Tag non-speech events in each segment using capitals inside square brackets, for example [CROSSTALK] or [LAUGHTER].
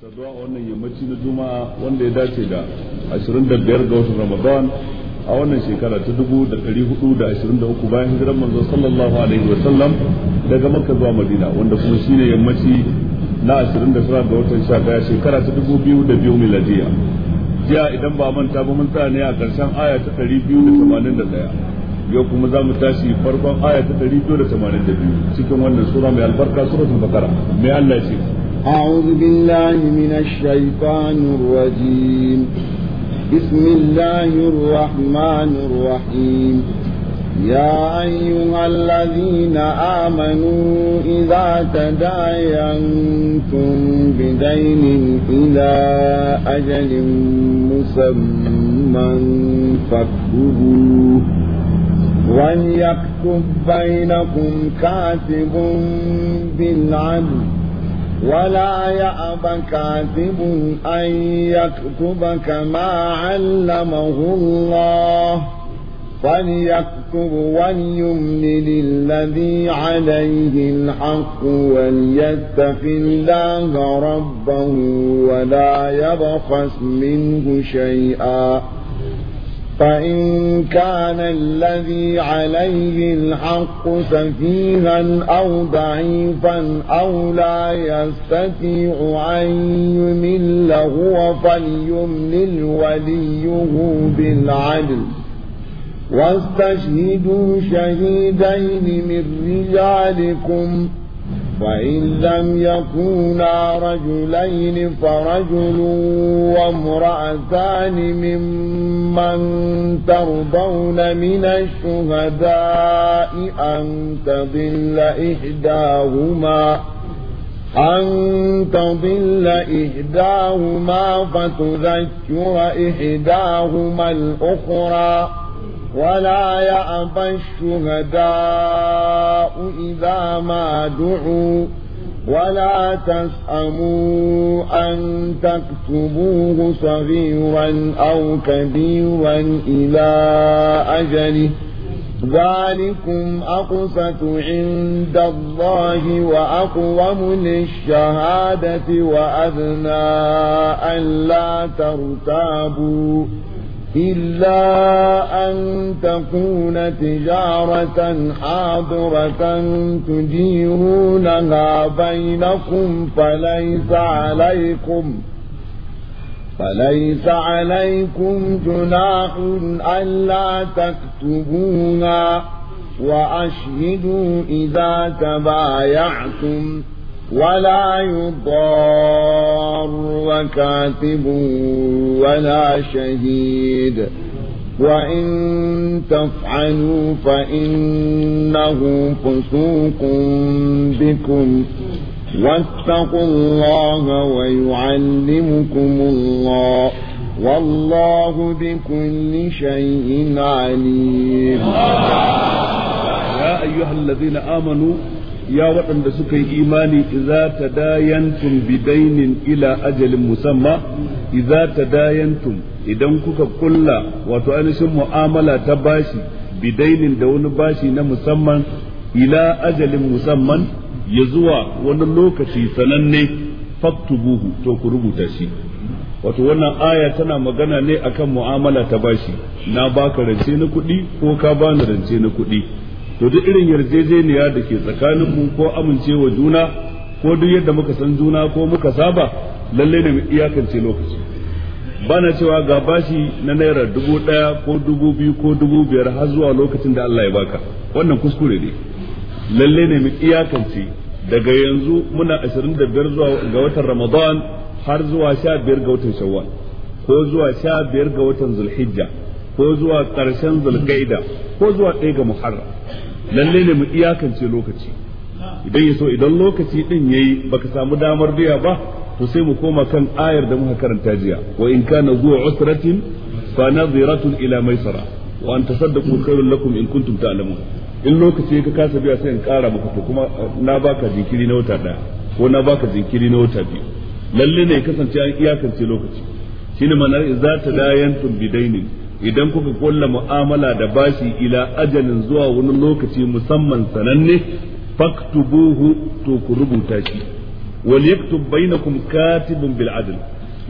saduwa a wannan yammaci na juma'a wanda ya dace da 25 ga watan ramadan a wannan shekara ta 1423 bayan hijiran manzo sallallahu alaihi wa sallam daga makka zuwa madina wanda kuma shine yammaci na 29 ga watan daya shekara ta 2002 miladiya jiya idan ba manta ba mun tsaya ne a karshen aya ta 281 yau kuma za mu tashi farkon aya ta 282 cikin wannan sura mai albarka suratul bakara mai Allah ya ce أعوذ بالله من الشيطان الرجيم بسم الله الرحمن الرحيم يا أيها الذين آمنوا إذا تداينتم بدين إلى أجل مسمى فاكتبوه وليكتب بينكم كاتب بالعدل ولا يأبى كاتب أن يكتب كما علمه الله فليكتب وليملل الذي عليه الحق وليتق الله ربه ولا يبخس منه شيئا فإن كان الذي عليه الحق سفيها أو ضعيفا أو لا يستطيع أن يمل هو فليمل وليه بالعدل واستشهدوا شهيدين من رجالكم ۖ فإن لم يكونا رجلين فرجل وامرأتان ممن ترضون من الشهداء أن تضل إحداهما أن تضل إحداهما فتذكر إحداهما الأخرى ولا يأبى الشهداء إذا ما دعوا ولا تسأموا أن تكتبوه صغيرا أو كبيرا إلى أجله ذلكم أقسط عند الله وأقوم للشهادة وأذنى ألا ترتابوا إلا أن تكون تجارة حاضرة تديرونها بينكم فليس عليكم فليس عليكم جناح ألا تكتبوها وأشهدوا إذا تبايعتم ولا يضار كاتب ولا شهيد وإن تفعلوا فإنه فسوق بكم واتقوا الله ويعلمكم الله والله بكل شيء عليم يا أيها الذين آمنوا ya waɗanda suka yi imani idza tadayantum bidainin ila ajalin musamma idza tadayantum idan kuka kulla wato ainihin mu'amala ta bashi bidainin da wani bashi na musamman ila ajalin musamman ya zuwa wani lokaci sananne faktubuhu to ku rubuta shi wato wannan aya tana magana ne akan mu'amala ta bashi na baka rance na kuɗi ko ka bani rance na kuɗi to duk irin yarjejeniya da ke tsakanin mu ko amincewa juna ko duk yadda muka san juna ko muka saba lalle ne mu iyakance lokaci bana cewa ga bashi na naira dubu ɗaya ko dubu biyu ko dubu biyar har zuwa lokacin da Allah ya baka wannan kuskure ne lalle ne mu iyakance daga yanzu muna 25 zuwa ga watan Ramadan har zuwa 15 ga watan Shawwal ko zuwa 15 ga watan Zulhijja ko zuwa ƙarshen zulkaida ko zuwa ɗaya ga muharram lalle ne mu iyakance lokaci idan ya idan lokaci din yayi baka samu damar biya ba to sai mu koma kan ayar da muka karanta jiya wa in kana zuwa usratin fa nadhiratun ila maisara wa an tasaddaqu khairul lakum in kuntum ta'lamun in lokaci ka kasa biya sai in kara maka to kuma uh, na baka jinkiri na wata daya ko na baka jinkiri na wata biyu lalle ne kasance an iyakance lokaci shine manar idza tadayantum bidainin idan kuka kulla mu'amala da bashi ila ajalin zuwa wani lokaci musamman sananne faktubuhu to ku rubuta shi wal yaktub bainakum katibun bil adl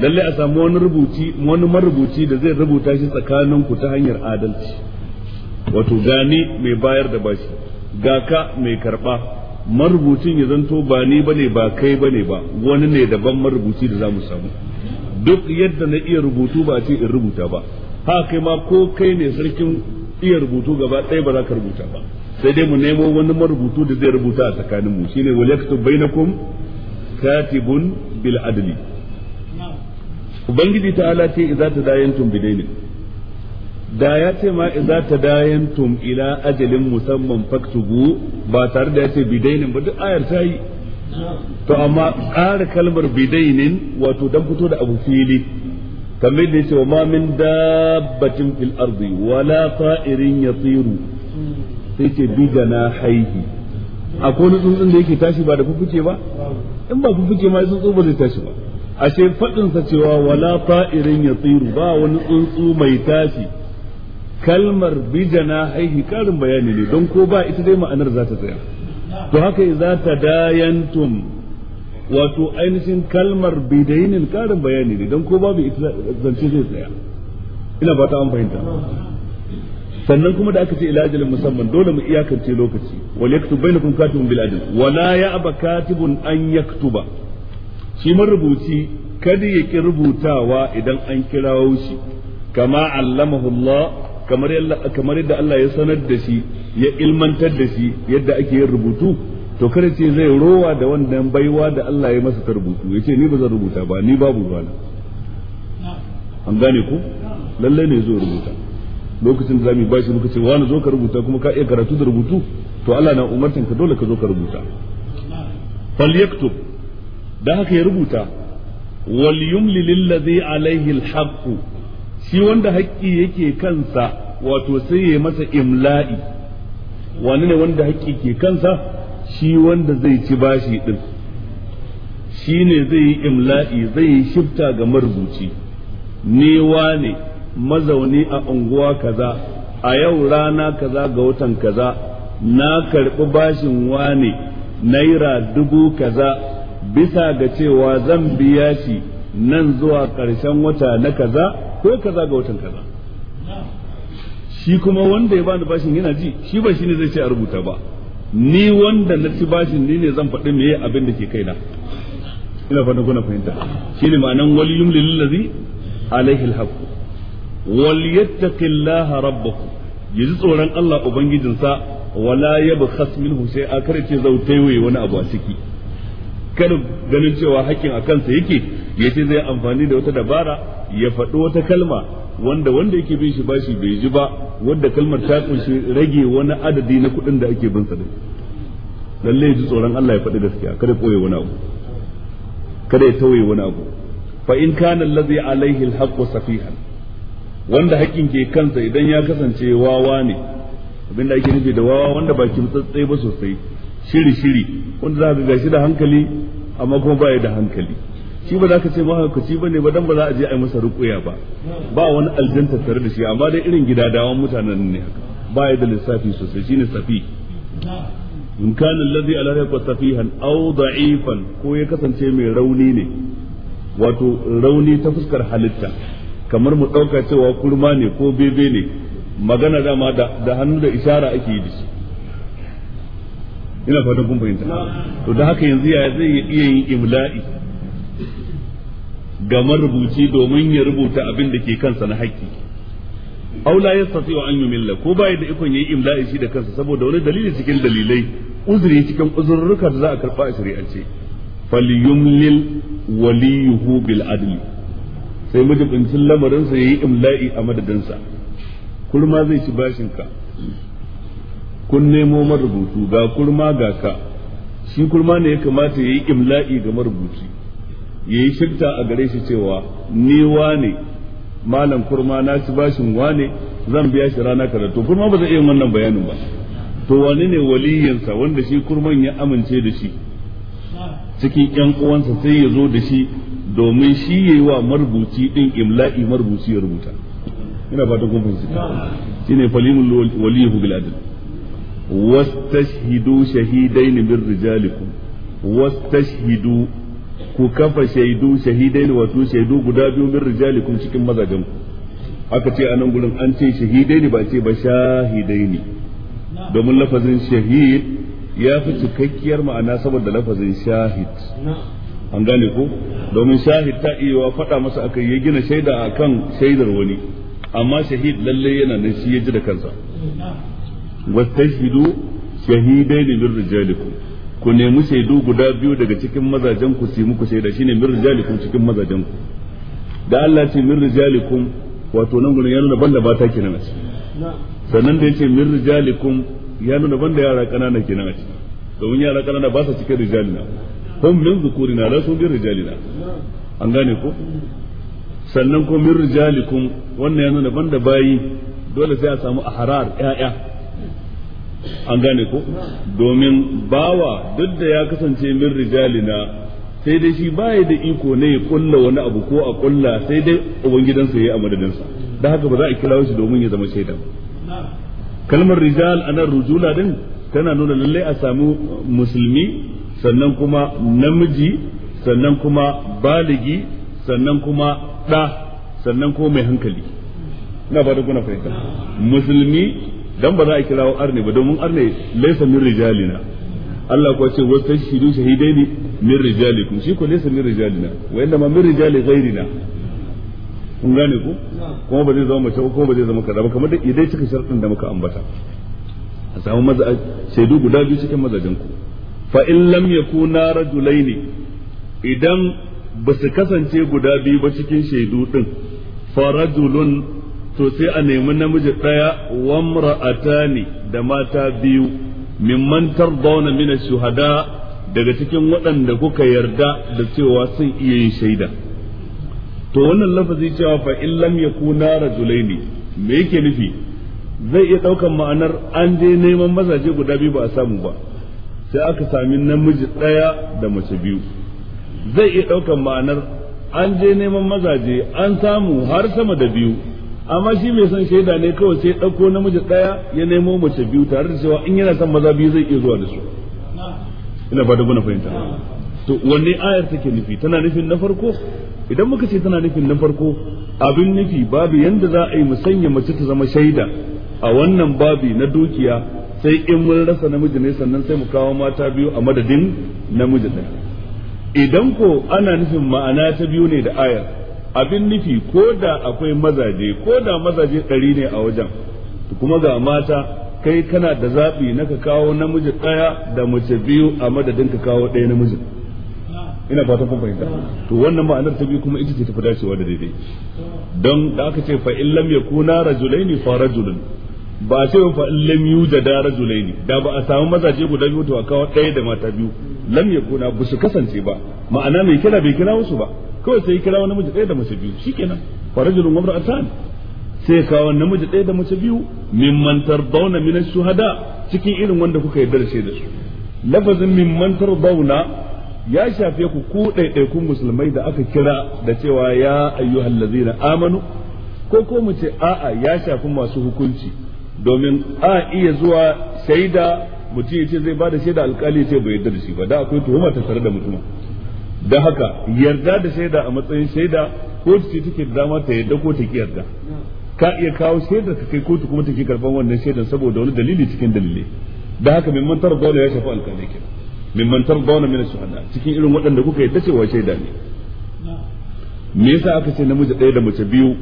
lalle a samu wani rubuci wani marubuci da zai rubuta shi tsakanin ta hanyar adalci wato gani mai bayar da bashi ga ka mai karba marubucin ya zanto ba ni bane ba kai bane ba wani ne daban marubuci da zamu samu duk yadda na iya rubutu ba ce in rubuta ba ha ma ko kai ne sarkin iya rubutu gaba ɗaya ba za ka rubuta ba sai dai mu nemo wani marubutu da zai rubuta a tsakanin mu shine wal yaktub bainakum katibun bil adli ubangiji ta'ala ce idza tadayantum bidainin da ya ce ma idza tadayantum ila ajalin musamman faktubu ba tare da ya ce bidainin ba duk ayar ta yi to amma ƙara kalmar bidainin wato dan fito da abu fili kamar da yace wa ma min dabbatin fil ardi wala ta'irin yatiru sai ce bi haihi akwai wani tsuntsun da yake tashi ba da fuffuce ba in ba fuffuce ma tsuntsu ba zai tashi ba ashe fadin sa cewa wala ta'irin yatiru ba wani tsuntsu mai tashi kalmar bi haihi karin bayani ne don ko ba ita dai ma'anar za ta tsaya to haka za ta dayantum wato ainihin kalmar bidainin karin bayani ne don ko babu zance zai tsaya ina ba ta an fahimta sannan kuma da aka ce ila ajalin musamman dole mu iyakance lokaci wal yaktub bainakum katibun bil adl wala ya'ba katibun an yaktuba shi marubuci kada ya ki rubutawa idan an kirawo shi kama allamahu Allah kamar yadda Allah ya sanar da shi ya ilmantar da shi yadda ake yin rubutu to kada ce zai rowa da wannan baiwa da Allah ya masa ta rubutu yace ni ba zan rubuta ba ni babu ruwana an gane ku lalle ne zo rubuta lokacin da zamu bashi muka ce wani zo ka rubuta kuma ka iya karatu da rubutu to Allah na umartin ka dole ka zo ka rubuta fal yaktub da haka ya rubuta wal yumli lillazi alaihi alhaq shi wanda haƙƙi yake kansa wato sai ya masa imla'i wani ne wanda haƙƙi ke kansa shi wanda zai ci bashi din shi ne zai yi imla'i zai yi shifta ga marubuci ne wane mazauni a unguwa kaza a yau rana kaza ga watan kaza na karɓi bashin wane naira dubu kaza bisa ga cewa zan biya shi nan zuwa ƙarshen wata na kaza ko kaza ga watan kaza shi kuma wanda ya bani bashin yana ji shi ba ne zai ce a rubuta ba ni wanda na ci bashin ni ne zan faɗi meye abin da ke kaina ina fata kuna fahimta Shi ne ma'anan wal yumlil ladhi alaihi alhaq wal yattaqillaha rabbahu yaji tsoron Allah ubangijinsa wala yabkhas minhu sai a kare ce zautaiwaye wani abu a ciki kada ganin cewa hakkin a kansa yake yace zai amfani da wata dabara ya faɗi wata kalma wanda wanda yake bin shi bashi bai ji ba wanda kalmar ta kunshi rage wani adadi na kuɗin da ake bin sa din lalle ji tsoron Allah ya faɗi gaskiya kada koye wani abu kada ya tauye wani abu fa in kana allazi alaihi alhaqqu safihan wanda hakkin ke kansa idan ya kasance wawa ne Abin da ake nufi da wawa wanda ba kimtsatse ba sosai shiri shiri wanda za ka gashi da hankali amma kuma ba da hankali shi ba za ka ce mahaukaci ba ne ba dan ba za a je a yi masa rukuya ba ba wani aljanta tare da shi amma dai irin gida dawan mutanen ne haka ba ya da lissafi sosai shine safi in kana alladhi ala safihan aw da'ifan ko ya kasance mai rauni ne wato rauni ta fuskar halitta kamar mu dauka cewa kurma ne ko bebe ne magana dama da hannu da ishara ake yi da shi ina fatan kun fahimta to da haka yanzu ya zai iya yin imla'i ga marubuci domin ya rubuta abin da ke kansa na haƙƙi ya la wa an yumilla ko bai da ikon yayi imla'i shi da kansa saboda wani dalili cikin dalilai uzuri cikin uzurruka da za a karɓa a shari'ance falyumlil waliyuhu bil adli sai majibincin lamarinsa yayi imla'i a madadinsa kurma zai ci bashin ka kun nemo marubutu ga kurma ga ka shi kurma ne ya kamata yayi imla'i ga marubuci yayi shirta a gare shi cewa ni wane malam kurma na ci bashin wane zan biya shi rana kaza to kurma ba zai iya wannan bayanin ba to wane ne waliyinsa wanda shi kurman ya amince da shi cikin yan uwansa sai ya zo da shi domin shi yayi wa marubuci din imla'i marubuci ya rubuta ina fata kun fahimta shine falimul walihu bil adl wastashhidu shahidain min rijalikum wastashhidu ku kafa shaidu shahidai ne wato shaidu guda biyu min rijalikum cikin mazajen ku aka ce a nan gurin an ce shahidai ne ba ce ba shahidai ne domin lafazin shahid ya fi cikakkiyar ma'ana saboda lafazin shahid an gane ku. domin shahid ta iya wa faɗa masa aka yi gina shaida a kan shaidar wani amma shahid lalle yana nan shi ya ji da kansa shahidai shahidaini min rijalikum ku nemi shaidu guda biyu daga cikin mazajen ku su muku shaida shine min rijalikum cikin mazajen ku da Allah ce min rijalikum wato nan gurin yana nuna banda bata kenan a ciki sannan da yace min rijalikum ya nuna banda yara kanana kenan a domin yara kanana ba su cikin rijalina hum min zukurina la su bi rijalina an gane ko sannan ko min rijalikum wannan yana nuna banda bayi dole sai a samu ahrar ƴaƴa an gane ko domin bawa duk da ya kasance min rijalina sai dai shi baya da iko ne ya kulla wani abu ko a kulla sai dai ubangidansa ya a madadinsa da haka ba za a kira shi domin ya zama shaida kalmar rijal anan rujula din tana nuna lallai a samu musulmi sannan kuma namiji sannan kuma baligi sannan kuma da sannan kuma mai hankali ina ba da kuna fahimta musulmi dan ba za a kirawo arne ba domin arne laysa min rijalina Allah kuwa ce wa tashidu shahidaini min rijalikum shi ko laysa min rijalina wa inna ma min rijali ghairina kun gane ku kuma ba zai zama mace kuma ba zai zama kaza ba kamar da idai cika sharɗin da muka ambata a samu maza shaidu guda biyu cikin mazajen ku fa in lam yakuna rajulaini idan ba su kasance guda biyu ba cikin shaidu din fa rajulun to sai a nemi namiji ɗaya ne da mata biyu mimman tardawna mina shuhada daga cikin waɗanda kuka yarda da cewa sun iya yin shaida to wannan lafazi cewa fa in lam yakuna rajulaini me yake nufi zai iya ɗaukan ma'anar an je neman mazaje guda biyu ba a samu ba sai aka sami namiji ɗaya da mace biyu zai iya ɗaukan ma'anar an je neman mazaje an samu har sama da biyu amma shi mai son shaida ne kawai sai ɗauko namiji ɗaya ya nemo mace biyu tare da cewa in yana son maza biyu zai iya zuwa da su ina ba da guna fahimta to wanne ayar take nufi tana nufin na farko idan muka ce tana nufin na farko abin nufi babu yanda za a yi mu sanya mace ta zama shaida a wannan babi na dukiya sai in mun rasa namiji ne sannan sai mu kawo mata biyu a madadin namiji ɗaya idan ko ana nufin ma'ana ta biyu ne da ayar abin nufi ko da akwai mazaje ko da mazaje ɗari ne a wajen kuma ga mata kai kana da zaɓi na ka kawo namiji ɗaya da mace biyu a madadin ka kawo ɗaya namijin ina fatan kun fahimta to wannan ma'anar ta biyu kuma ita ce ta fi dacewa da daidai don da aka ce fa in lam yakuna rajulaini fa rajulun ba ce fa lam yujada rajulaini da ba a samu mazaje guda biyu to a kawo ɗaya da mata biyu lam yakuna ba su kasance ba ma'ana mai kira bai kira wasu ba kawai sai kira wani namiji ɗaya da mace biyu shikenan fa rajulun wa imra'atan sai kawo namiji ɗaya da mace biyu mimman tardawna min ash-shuhada cikin irin wanda kuka yi darshe da su lafazin mimman Bauna ya shafe ku ku ɗaiɗaikun musulmai da aka kira da cewa ya ayyuhallazina amanu ko ko mu ce a'a ya shafi masu hukunci domin a iya zuwa shaida mutum ya ce zai ba da shaida alkali ce bai yarda da shi ba da akwai tuhuma ta tare da mutum da haka yarda da shaida a matsayin shaida ko ce take da dama ta yarda ko ta ki yarda ka iya kawo shaida ka kai kotu kuma take karban wannan shaidar saboda wani dalili cikin dalili. da haka min mantar dole ya shafi alkali ke min mantar dole min shuhada cikin irin waɗanda kuka yi tacewa shaida ne me yasa aka ce namiji ɗaya da mace biyu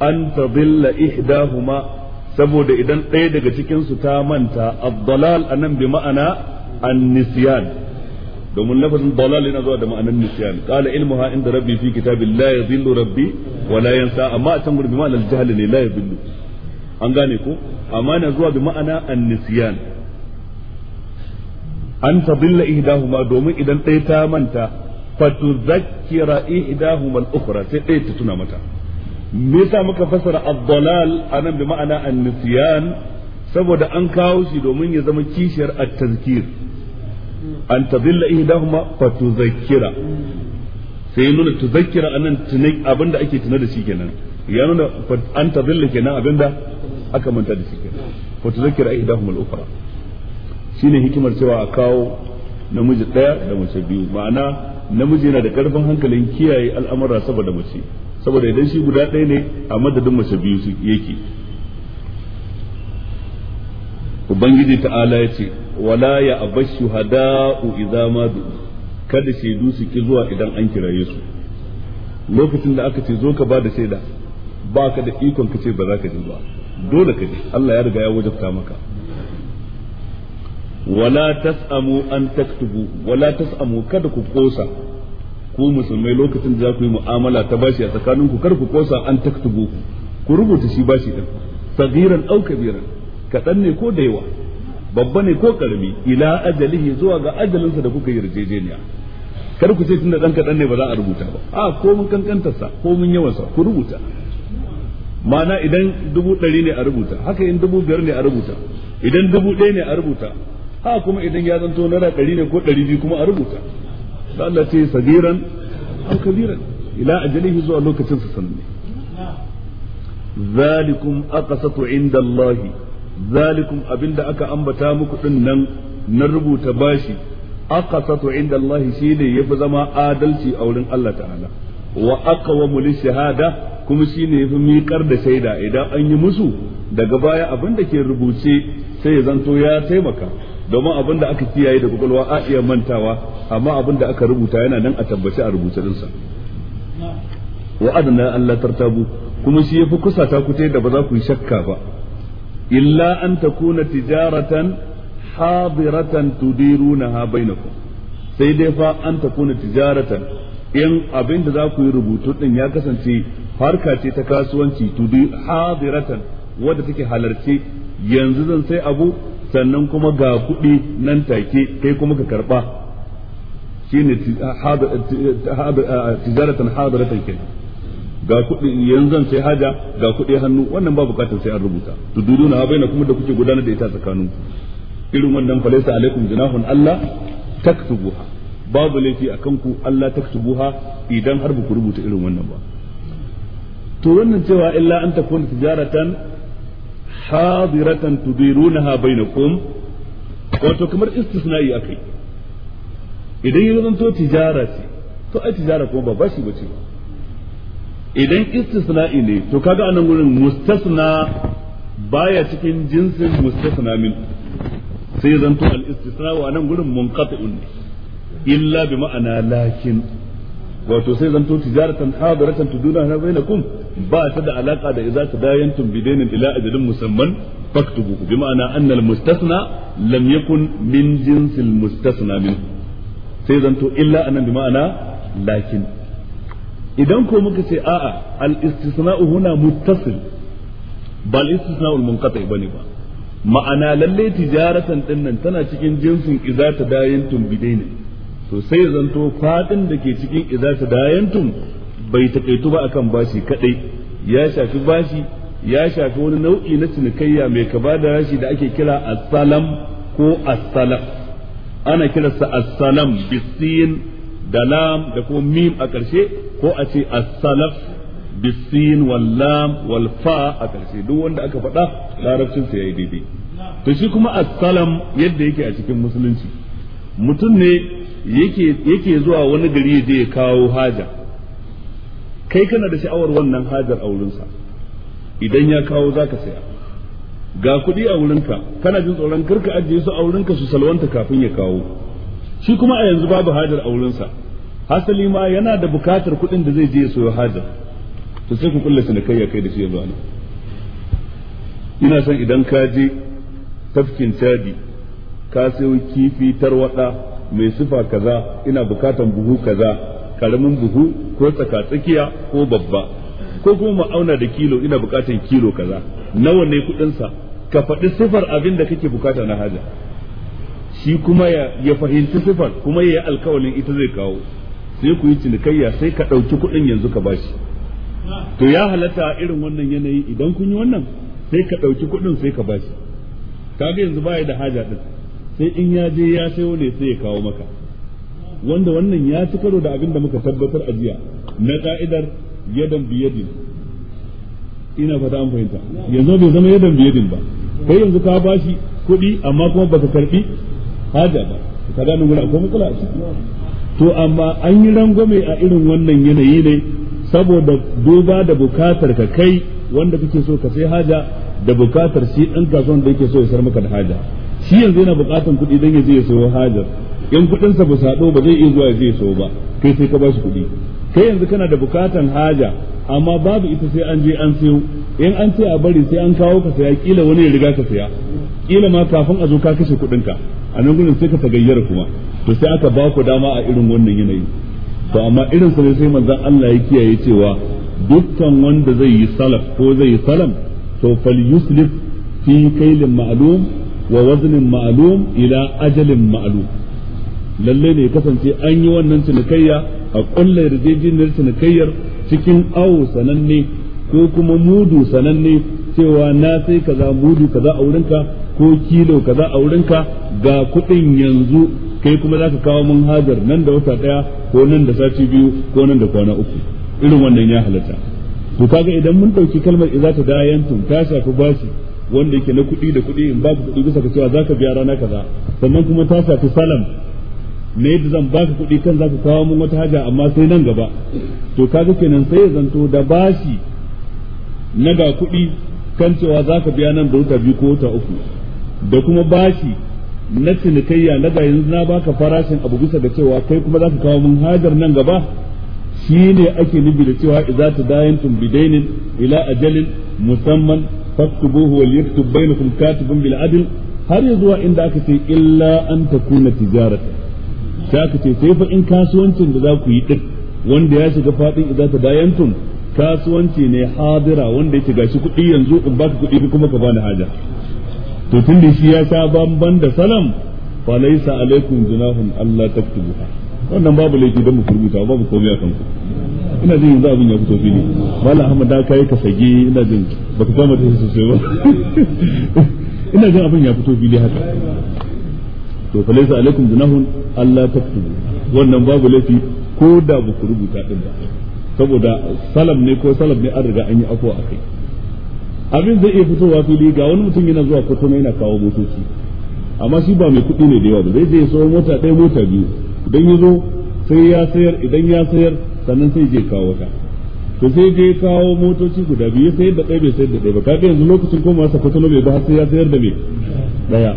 an tadilla ihdahuma saboda idan ɗaya daga cikinsu ta manta ad a nan bi ma'ana an-nisyan domin lafazin dalal yana zuwa da ma'anan nisyan qala ilmuha inda rabbi fi kitabin la yadhillu rabbi wa la yansa amma a can gurin bi ma'anar jahl ne la yadhillu an gane ko amma yana zuwa bi ma'ana an-nisyan an tadilla ihdahuma domin idan ɗaya ta manta fa fatuzakkira ihdahuma al-ukhra sai ɗaya ta tuna mata me yasa muka fassara ad-dalal anan bi ma'ana an-nisyan saboda an kawo shi domin ya zama kishiyar at-tazkir an tadilla ihdahuma fa tuzakkira sai nuna tuzakkira anan tunai abinda ake tuna da shi kenan ya nuna an tadilla kenan abinda aka manta da shi kenan fa tuzakkira ihdahuma al-ukhra shine hikimar cewa a kawo namiji daya da mace biyu ma'ana namiji yana da karfin hankalin kiyaye al'amura saboda mace saboda idan shi guda ɗaya ne a madadin mace biyu su yake ubangiji ta'ala ya ce wala ya abashu hada'u idza ma kada shaidu su ki zuwa idan an kiraye su lokacin da aka ce zo ka ba shaida ba ka da ikon ka ce ba za ka ji ba dole ka ji Allah ya riga ya wajabta maka wala tas'amu an taktubu wala tas'amu kada ku kosa ko musulmai lokacin da za ku yi mu'amala ta bashi a tsakanin ku kar ku kosa an taktubo ku ku rubuta shi bashi din sagiran au kabiran kaɗan ne ko da yawa babba ne ko karami ila ajalihi zuwa ga sa da kuka yarjejeniya kar ku ce tun da ɗan kaɗan ne ba za a rubuta ba a ko mun kankanta sa ko mun yawansa ku rubuta ma'ana idan dubu ɗari ne a rubuta haka in dubu biyar ne a rubuta idan dubu ɗaya ne a rubuta haka kuma idan ya zanto naira ɗari ne ko ɗari biyu kuma a rubuta da Allah ce Sabiran, aw kabiran ila ajalihi zuwa lokacin sa sanne zalikum aqsatu inda Allah zalikum abinda aka ambata muku din nan na rubuta bashi aqsatu inda Allah shine yafi zama adalci a wurin Allah ta'ala wa aqwamu shahada kuma shine yafi miƙar da shaida idan an yi musu daga baya abin da ke rubuce sai ya zanto ya taimaka domin abin da aka kiyaye da kwakwalwa a iya mantawa amma abin da aka rubuta yana nan a tabbaci a rubuce dinsa wa adna Allah tartabu kuma shi yafi ta ku da ba za ku shakka ba illa an takuna tijaratan hadiratan tudirunaha bainakum sai dai fa an takuna tijaratan in abin da za ku yi rubutu din ya kasance harka ce ta kasuwanci tudi hadiratan wadda take halarci yanzu zan sai abu sannan kuma ga kuɗi nan take kai kuma ka karɓa ne tijaratan hadaratan ke ga kuɗi yanzu sai haja ga kuɗi hannu wannan ba bukatar sai an rubuta to duduna baina kuma da kuke gudanar da ita tsakanin irin wannan laysa alaikum junahun Allah taktubuha babu laifi akan ku Allah taktubuha idan har ba ku rubuta irin wannan ba to wannan cewa illa an takuna tijaratan hadiratan tudirunaha bainakum wato kamar istisna'i akai idan zan to tijara ce to ai tijara kuma ba bashi bace idan istisna'i ne to kaga anan gurin mustasna baya cikin jinsin mustasna min sai zan to al istisna wa anan gurin munqati'un illa bi ma'ana lakin wato sai zanto tijaratan hadiratan tuduna na bainakum ba ta da alaka da idza tadayantum bidainin ila ajalin musamman faktubu bi ma'ana anna al mustasna lam yakun min jinsil mustasna min sai zanto illa anan bi ma'ana lakin idan ko muka ce a'a al istisna'u huna muttasil ba al istisna'u al munqati bane ba ma'ana lalle tijaratan dinnan tana cikin jinsin idza tadayantum bidainin to sai ya zanto fadin da ke cikin idza tadayantum bai takaitu ba akan bashi kadai ya shafi bashi ya shafi wani nau'i na cinikayya mai kaba da rashi da ake kira as-salam ko as-salaf ana kiransa as-salam bisin da lam da kuma mim a ƙarshe ko a ce as-salaf bisin wal lam wal fa a ƙarshe duk wanda aka faɗa larabcin sa yayi daidai to shi kuma as-salam yadda yake a cikin musulunci mutum ne yake zuwa wani gari ya je ya kawo haja kai kana da sha'awar wannan hajar a wurinsa idan ya kawo za ka saya ga kuɗi a wurinka kana jin tsoron karka ajiye su a wurinka su salwanta kafin ya kawo shi kuma a yanzu babu hajar a wurinsa hasali ma yana da bukatar kuɗin da zai je ya soyo hajar to sai ku kulle na kai ya kai da shi ya zuwa ina son idan ka je tafkin cadi ka sayo kifi tarwaɗa mai sifa kaza ina bukatan buhu kaza karamin buhu ko tsaka-tsakiya ko babba ko kuma ma'auna da kilo ina bukatan kilo kaza nawa ne kudinsa ka faɗi sifar abin da kake bukata na haja shi kuma ya fahimci sifar kuma ya yi alkawalin ita zai kawo sai ku yi cinikayya sai ka ɗauki kuɗin yanzu ka bashi to ya halatta irin wannan yanayi idan kun yi wannan sai ka ɗauki kuɗin sai ka bashi kaga yanzu baya da haja ɗin sai in ya je ya sayo ne sai ya kawo maka wanda wannan ya ci karo da abin da muka tabbatar a jiya na ka'idar yadan biyadin ina fata an fahimta yanzu bai zama yadan biyadin ba kai yanzu ka bashi kuɗi amma kuma baka karbi haja ba ka gane gurin akwai matsala a to amma an yi rangwame a irin wannan yanayi ne saboda duba da bukatar ka kai wanda kake so ka sai haja da bukatar shi ɗan kasuwan da yake so ya sar maka da haja shi yanzu yana bukatan kuɗi don ya je ya sayo hajar in kuɗinsa ba saɗo ba zai iya zuwa ya je ya sayo ba kai sai ka bashi kuɗi kai yanzu kana da bukatan haja amma babu ita sai an je an sayo in an ce a bari sai an kawo ka saya kila wani ya riga ka saya kila ma kafin a zo ka kashe kuɗinka a nan gudun sai ka tagayyara kuma to sai aka ba ku dama a irin wannan yanayi to amma irin sa ne sai manzon Allah ya kiyaye cewa dukkan wanda zai yi salaf ko zai yi salam to fal yuslif fi kailin ma'lum wa waznin ma'lum ila ajalin ma'lum lalle ne kasance an yi wannan cinikayya a kulla yarjejeniyar cinikayyar cikin awo sananne ko kuma mudu sananne cewa na sai kaza mudu kaza a ka ko kilo kaza a ka ga kuɗin yanzu kai kuma za ka kawo mun hajar nan da wata ɗaya ko nan da sati biyu ko nan da kwana uku irin wannan ya halatta to kaga idan mun ɗauki kalmar izata ta dayantum ta shafi bashi wanda yake na kuɗi da kuɗi in baka kuɗi bisa ka cewa zaka biya rana kaza sannan kuma ta shafi salam na yadda zan baka kuɗi kan zaka kawo mun wata haja amma sai nan gaba to kaga kenan sai ya zanto da bashi na ga kuɗi kan cewa zaka biya nan da wuta biyu ko wuta uku da kuma bashi na cinikayya na ga yanzu na baka farashin abu bisa da cewa kai kuma zaka kawo mun hajar nan gaba shine ake nubi da cewa idza tadayantum bidainin ila ajalin musamman faktubuhu wal yaktub bainakum katibun bil adl har ya zuwa inda aka ce illa an takuna tijarata sai aka ce sai fa in kasuwancin da za ku yi din wanda ya shiga fadin idan ta dayantum kasuwanci ne hadira wanda ya yake shi kuɗi yanzu in baka kuɗi kuma ka bani haja to tun da shi ya sha bamban da salam fa laysa alaikum junahun Allah taktubuha wannan babu laifi da mu furbuta babu komai a kanku ina jin yanzu abin ya fito fili mala ahmad da kai ka sage ina jin baka kama da su sai ba [LAUGHS] ina jin abin ya fito fili haka to fa laysa alaikum junahun alla taktubu wannan babu laifi ko da ba ku rubuta din ba saboda salam ne ko salam ne an riga an yi afwa akai abin zai iya fitowa fili ga wani mutum yana zuwa kwatano yana kawo motoci amma shi ba mai kuɗi ne da yawa ba zai je ya sayo mota ɗaya mota biyu idan ya zo sai ya sayar idan ya sayar sannan sai je kawo ta to sai je kawo motoci guda biyu sai da ɗaya bai da ɗaya ba kaga yanzu lokacin koma sa bai ba sai ya sayar da me daya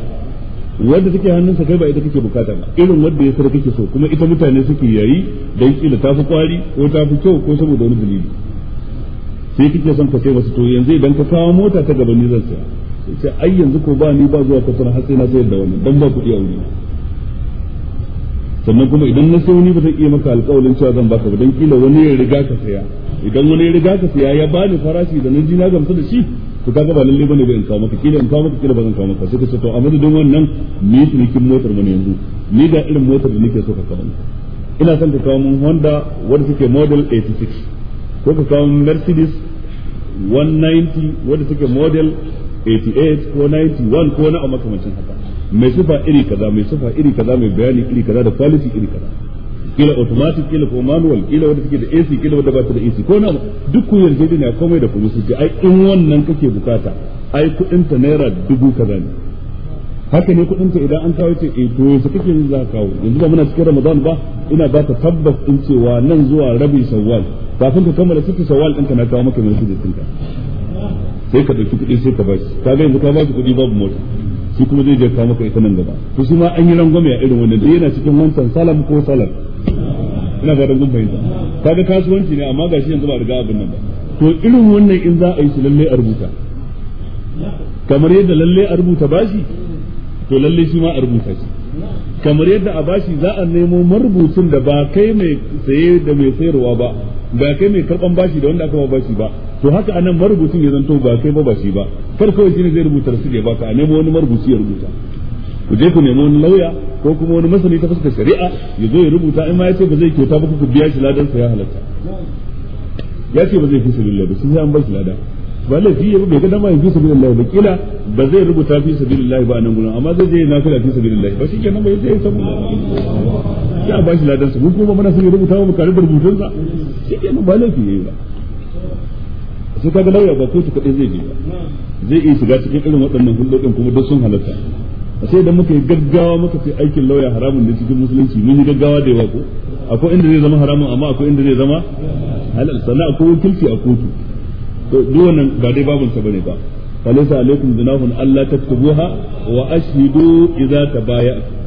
wanda take hannunsa kai ba ita kake bukata ba irin wanda ya sarka kake so kuma ita mutane suke yayi dan kila ta fi kwari ko ta fi kyau ko saboda wani dalili sai kike son ka sai wasu to yanzu idan ka kawo mota ta gaba ni zan saya sai ai yanzu ko ba ni ba zuwa kwatano har sai na sayar da wani dan ba kuɗi a wurina sannan kuma idan na sai wani ba zan iya maka alƙawarin cewa zan baka ba dan kila wani ya riga ka saya idan wani ya riga ka saya ya bani farashi da nan ji na gamsu da shi to kaga ba lalle bane ba in kawo maka kila in kawo maka kila ba zan kawo maka sai ka ce to amma madadin wannan ni cinikin motar mu ne yanzu ni ga irin motar da nake so ka kawo ina son ka kawo mun Honda wanda take model 86 ko ka kawo mun Mercedes 190 wanda take model 88 ko 91 ko na a makamancin haka mai sufa iri kaza mai sufa iri kaza mai bayani iri kaza da quality iri kaza kila automatic kila ko manual kila wanda take da AC kila wanda ba ta da AC ko na duk ku da ne komai da kuma su ji ai in wannan kake bukata ai kudin ta naira dubu kaza ne haka ne kudin ta idan an kawo ce eh to yanzu kake yin za kawo yanzu ba muna cikin Ramadan ba ina ba ka tabbas din cewa nan zuwa rabin Shawwal kafin ka kammala sittin Shawwal ka na kawo maka mai sittin ka sai ka dauki kudi sai ka bashi kaga yanzu ka shi kudi babu mota shi kuma zai je kawo maka ita nan gaba to shi ma an yi rangwame a irin wannan duk yana cikin wancan salam ko salam ina fatan kun fahimta kaga kasuwanci ne amma gashi yanzu ba riga abin nan ba to irin wannan in za a yi shi lalle a rubuta kamar yadda lalle a rubuta bashi to lalle shi ma a rubuta shi kamar yadda a bashi za a nemo marubucin da ba kai mai saye da mai sayarwa ba ba kai mai karban bashi da wanda aka ba bashi ba to haka anan marubucin ya zanto ba kai ba bashi ba kar kawai ne zai rubuta rasu ya baka a nemo wani marubuci ya rubuta ku je ku nemi wani lauya ko kuma wani masani ta fuskar shari'a ya zo ya rubuta in ma ya ce ba zai kyauta ba ku biya shi ladan sa ya halatta ya ce ba zai fi sabilillah ba yi an bar shi ladan ba laifi ya bai ga dama ya fi sabilillah ba kila ba zai rubuta fi sabilillah ba nan gurin amma zai je na kula fi sabilillah ba nan bai zai samu ya ba shi ladan su kuma mana sun ya rubuta mu kare rubutun sa nan ba laifi yi ba sai kaga lauya ba kotu kaɗai zai je ba zai iya shiga cikin irin waɗannan hulɗoɗin kuma duk sun halatta sai da muka yi gaggawa muka ce aikin lauya haramun ne cikin musulunci mun yi gaggawa da yawa ko akwai inda zai zama haramun amma akwai inda zai zama halal sannan akwai wakilci a kotu to duk wannan ba dai babun ta bane ba falisa alaikum junahun alla taktubuha wa ashhidu idza tabaya'tum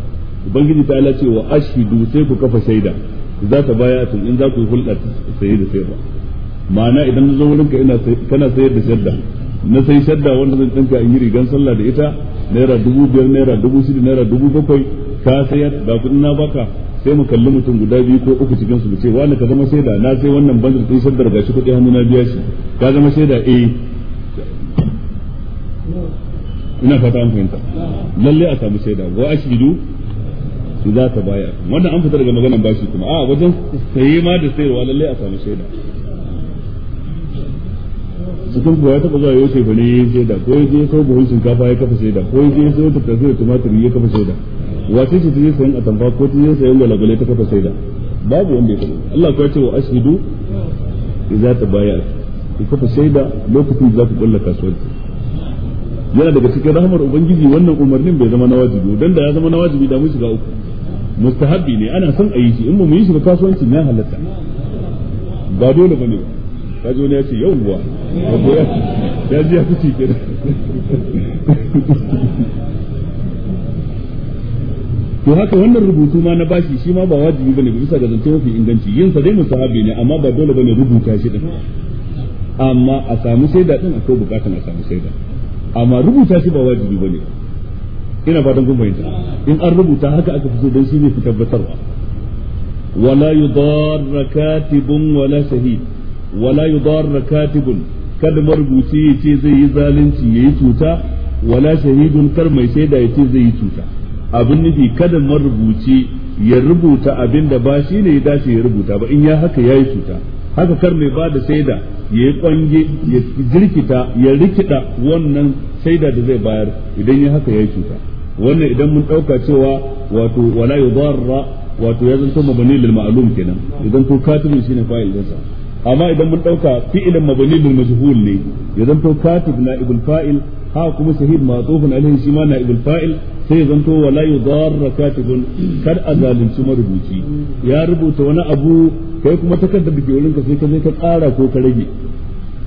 ubangiji ta Allah ce wa ashhidu sai ku kafa shaida idza tabaya'tum in za ku yi hulɗa sai da sayarwa ma'ana idan na zo wurin ka ina kana sayar da shadda na sai shadda wanda zan tsinka in yi rigan sallah da ita naira dubu biyar naira dubu shida naira dubu bakwai ka sayar da kuɗin na baka sai mu kalli mutum guda biyu ko uku cikin su ce wani ka zama shaida na sai wannan bandar din shaddar shi kuɗi hannu na biya shi ka zama shaida eh ina fata an fahimta lalle a samu shaida wa ashidu su za ta baya wannan an fita daga maganan bashi kuma a wajen saye ma da sayarwa lalle a samu shaida cikin kuwa ya taɓa zuwa yau ce ne ya yi shaida ko ya je ya sau buhun shinkafa ya kafa shaida ko ya je ya sau tattafi da tumatir ya kafa shaida wace ce taje sayan atamfa ko taje sayan gwalagwale ta kafa saida babu wanda ya sani Allah ko ce wa ashhidu idza tabaya'at ku kafa saida lokacin da za ku kulla kasuwanci yana daga cikin rahmar ubangiji wannan umarnin bai zama na wajibi dan da ya zama na wajibi da mu shiga uku mustahabbi ne ana son a yi shi in ba mu yi shi ba kasuwanci na halatta ba dole bane ba ne wani ya ce yau ya ji ya fice kenan [LAUGHS] to haka wannan rubutu ma na bashi shi ma ba wajibi bane bisa ga zance mafi inganci yin sa dai musahabi ne amma ba dole bane rubuta shi din amma a samu shaida din akwai bukatan a samu shaida amma rubuta shi ba wajibi bane ina fatan kun fahimta in an rubuta haka aka fi so don shi ne fi tabbatarwa wala yudarra katibun wala shahid wala yudarra katibun kada marubuci ya ce zai yi zalunci ya yi cuta wala shahidun kar mai shaida ya ce zai yi cuta abin nufi kada marubuci ya rubuta abin da ba shi ne ya dace ya rubuta ba in ya haka ya yi cuta haka kar mai ba da saida ya yi kwange ya jirkita ya rikida wannan saida da zai bayar idan ya haka ya yi cuta wannan idan mun ɗauka cewa wato wala yudarra wato ya zanto mabani lil ma'lum kenan idan ko katibin shine fa'il dinsa amma idan mun ɗauka fi'ilin mabni lil majhul ne ya zanto katib ibul fa'il ha kuma shahid ma'tufun alaihi shi ma naibul fa'il sai ya zanto wala yudarra katibun kar azalunci marubuci ya rubuta wani abu kai kuma takardar da ke wurinka sai ka je ka tsara ko ka rage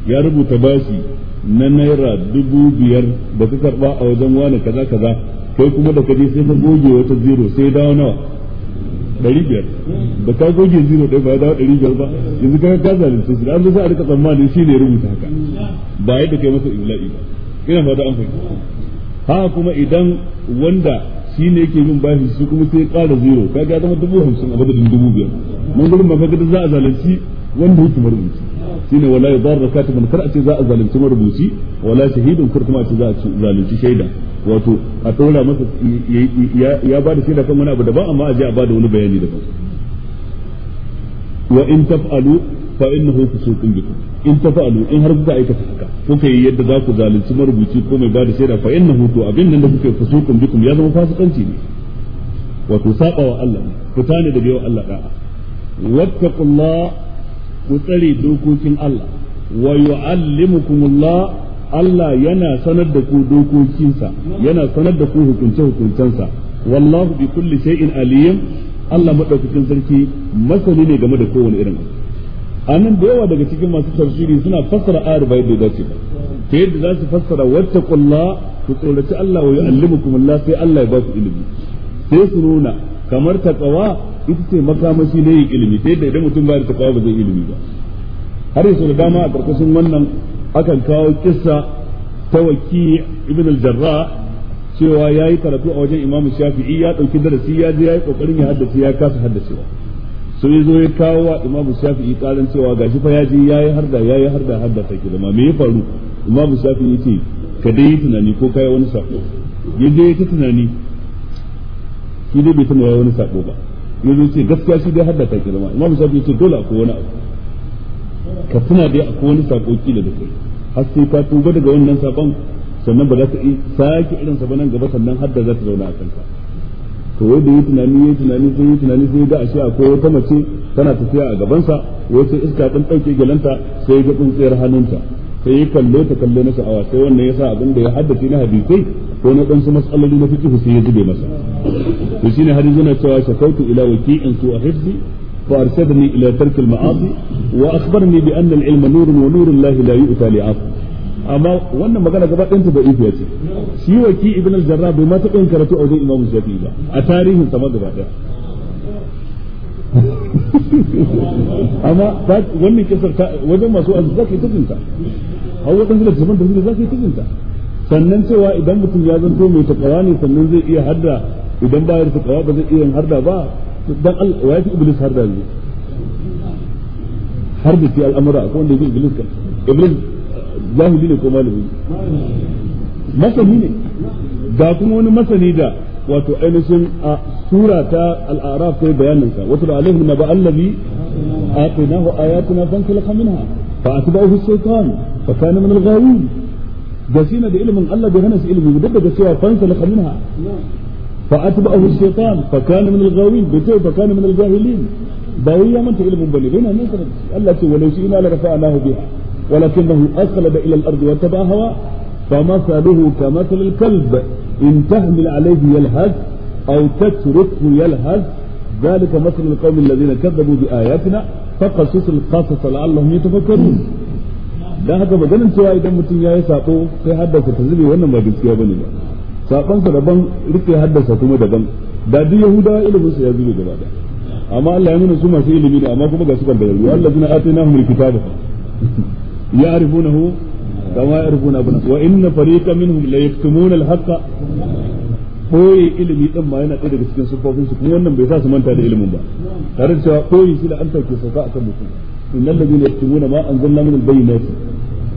ya rubuta bashi na naira dubu biyar da ka karba a wajen wani kaza kaza kai kuma da je sai ka goge wata zero sai dawo nawa ɗari biyar da ka goge zero ɗaya ba ya dawo ɗari biyar ba yanzu ka ka zalunce su da an zuwa a rika tsammanin shi ne rubuta haka ba yadda kai masa ibla'i ba ina fata an fahimta ha kuma idan wanda shi ne yake bin bashi su kuma sai ƙara zero kaga ya zama dubu hamsin a madadin dubu biyar mun gurin ba ka za a zalunci wanda yake marubuci shine wala yudar katibun kar a ce za a zalunci marubuci wala shahidun kar kuma a ce za a zalunci shaida wato a dora masa ya ba da shaida kan wani abu daban amma a je a bada wani bayani daban wa in taf'alu fa innahu fusuqun bikum in taf'alu in har kuka aikata haka kuka yi yadda za ku zalunci marubuci ko mai da shaida fa innahu to abin nan da kuka fusuqun bikum ya zama fasikanci ne wato wa Allah fita ne daga yau Allah da'a wattaqullah ku tsare dokokin Allah wa yu'allimukumullah Allah yana sanar da ku dokokinsa yana sanar da ku hukunce hukuncensa wallahu bi kulli shay'in alim Allah madaukakin sarki masani ne game da kowane irin abu anan da yawa daga cikin masu tafsiri suna fassara ayar bai da dace ta yadda za su fassara wattaqullah ku tsoraci Allah wa yu'allimukumullah sai Allah ya ba ku ilimi sai su nuna kamar taqwa ita ce makamashi ne yin ilimi sai da idan mutum ba da takawa ba zai ilimi ba har yanzu da dama a karkashin wannan akan kawo kissa ta waki ibn al-jarra cewa yayi karatu a wajen imamu shafi'i ya dauki darasi ya je yayi kokarin ya haddace ya kasa haddacewa ya zo ya kawo wa imamu shafi'i karin cewa gashi fa ya je yayi harda yayi harda haddace kilama me ya faru imamu shafi'i yace ka dai yi tunani ko kai wani sako yaje ya ta tunani shi dai bai tana wani sako ba ya ce gaskiya shi dai haddasa ta zama imam shafi ce dole akwai wani abu ka tuna dai akwai wani sako kila da kai har sai ka tuba daga wannan sakon sannan ba za ka sake irin sa ba nan gaba sannan hadda za ta zauna a kanka to wanda yi tunani yi tunani sai yi tunani sai ga ashe akwai wata mace tana tafiya a gabansa wai iska ɗan ɗauke gelanta sai ya ga tsuntsiyar hannunta sai ya kalle ta kalle na sha'awa sai ya sa abin da ya haddace na hadisai ko na dan su matsaloli na fiqh sai ya zube masa to shine hadisi yana cewa shakautu ila waki'in su a hifzi fa arsadani ila tark al ma'asi wa akhbarni bi anna al ilma nurun wa nurul lahi la yu'ta li amma wannan magana gaba ɗanta da ifiya ce shi waki ibn al jarrah bai ma taɓa yin karatu a wajen imam shafi'i ba a tarihin sama gaba ɗaya [LAUGHS] amma wannan kisar wajen masu azzaki ta har waɗansu da zaman da za su yi cikinta sannan cewa idan mutum ya zanto mai takawa ne sannan zai iya harda idan ba ya takawa ba zai iya harda ba dan Allah wa yafi iblis harda ne har da fi al'amura akwai wanda yake iblis kan iblis zahiri ne ko malami masani ne ga kuma wani masani da wato ainihin a sura ta al-a'raf sai bayanin sa wato alaihim naba allazi آتيناه آياتنا فانطلق منها فأتبعه الشيطان فكان من الغاوين جسينا بعلم الله بهنس علمي ودبج فيها فانطلق منها فأتبعه الشيطان فكان من الغاوين بتوي فكان من الجاهلين باوي من تعلم بني بينا الله تعالى وليس إنا لرفعناه بها ولكنه أخلد إلى الأرض واتبع هوا فمثله كمثل الكلب إن تهمل عليه يلهث أو تتركه يلهث ذلك مثل القوم الذين كذبوا بآياتنا فقصص القصص لعلهم يتفكرون dan haka ba maganin cewa idan mutum ya yi saƙo sai haddasa ta zube wannan ba gaskiya bane ba saƙonsa daban rike haddasa kuma daban da duk yahudawa ilimin su ya zube gaba da amma Allah ya nuna su masu ilimi ne amma kuma ga su kan da yahudawa allazina atainahumul kitaba ya'rifunahu kama ya'rifuna abna wa inna fariqan minhum la yaktumuna al-haqqa koyi ilimi din ma yana ɗaya daga cikin sufofin su kuma wannan bai sa su manta da ilimin ba tare da cewa koyi shi da an take sauka akan mutum innal ladina yaktumuna ma anzalna min al su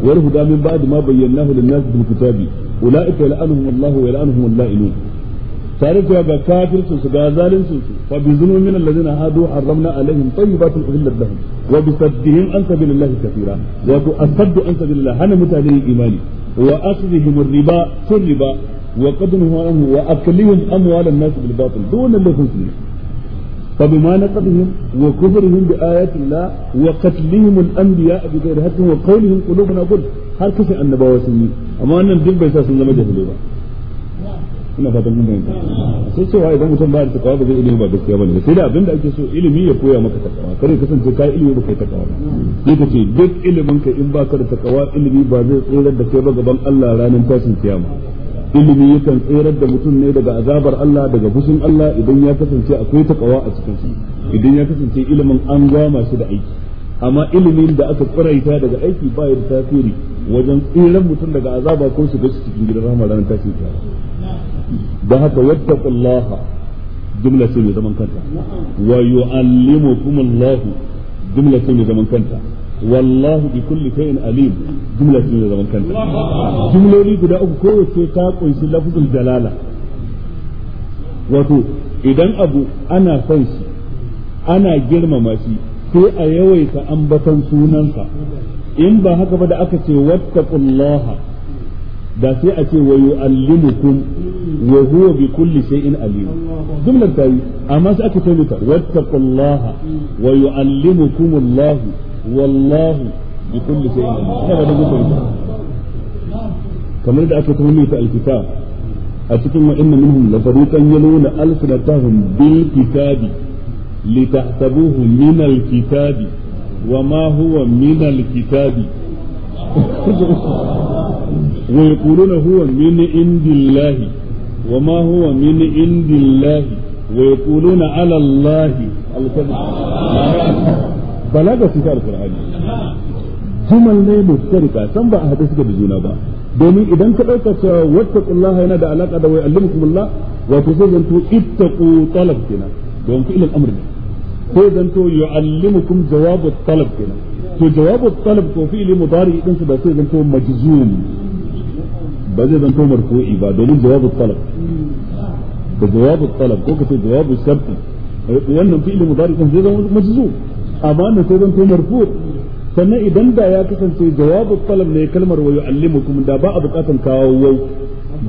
wal huda min ba'd ma bayyanahu lin-nas bil kitabi ulaika yal'anuhum wa yal'anuhum lainun tare da ga kafircin su ga zalincin su fa bi zunumin allazina hadu harramna alaihim tayyibatin uhillat lahum wa bi saddihim an sabilillahi kathira wa tu asaddu an sabilillah hana mutane imani wa akhdhihim riba sun riba wa qadnuhu anhu wa aklihim amwalan nas bil batil dun lahum فبما نقضهم وكفرهم بآيات الله وقتلهم الأنبياء بغير حق وقولهم قلوبنا غل هل كسي النبوة سنين أما أن sun zama سنزم ba. ina fatan mun bayyana sai cewa idan mutum ba da takawa ba zai ilimi ba gaskiya bane sai da abinda ake so ilimi ya koya maka takawa kare kasance kai ilimi ba kai takawa sai ka ce duk ilimin ka in baka da takawa ilimi ba zai tsirar da kai ba gaban Allah ranar tashin kiyama ilimi yakan tsirar da mutum ne daga azabar Allah daga fushin Allah idan ya kasance akwai takawa a cikin shi idan ya kasance ilimin an gama shi da aiki amma ilimin da aka tsiraita daga aiki ba ya da tasiri wajen tsirar mutum daga azaba ko shiga cikin gidan rahama ranar tashin kiyama don haka wattaqullaha jumla ce mai zaman kanta wa yu'allimukumullahu jumla ce mai zaman kanta wallahu bi kulli shay'in alim jumla ce mai zaman kanta jumloli guda uku kowace ta kunshi lafzul dalala. wato idan abu ana son shi ana girmama shi sai a yawaita ambaton sunansa in ba haka ba da aka ce wattaqullaha da sai a ce wa yu'allimukum wa huwa bi kulli shay'in alim jumlar ta yi amma sai aka taunuka wattaqullaha wa yu'allimukumullahu wallahu bi kulli shay'in alim ina da gudu kamar da aka ta alkitab a cikin wa inna minhum la fariqan yaluna alsinatahum bil kitabi litahsabuhu min al kitabi wa ma huwa min al kitabi wa huwa min indillahi wa ma huwa min indillahi wa yaquluna ala allahi balaga su ta alqur'ani jumal ne mutarika san ba a hada suka da juna ba domin idan ka dauka cewa wattaqullaha yana da alaka da wa yu'allimukumullah wato sai zanto ittaqu talab kenan don jawabu to jawabu talab ko fi'li mudari din su da sai zanto majzum ba zai zan zanto marfu'i ba domin jawabu talab da jawabu talab ko kace jawabu sharti wannan fi'li mudari din zai zama majzum amma ne sai zanto marfu' sannan idan da ya kasance jawabu talab ne kalmar wa yu'allimukum da ba a bukatan kawo wau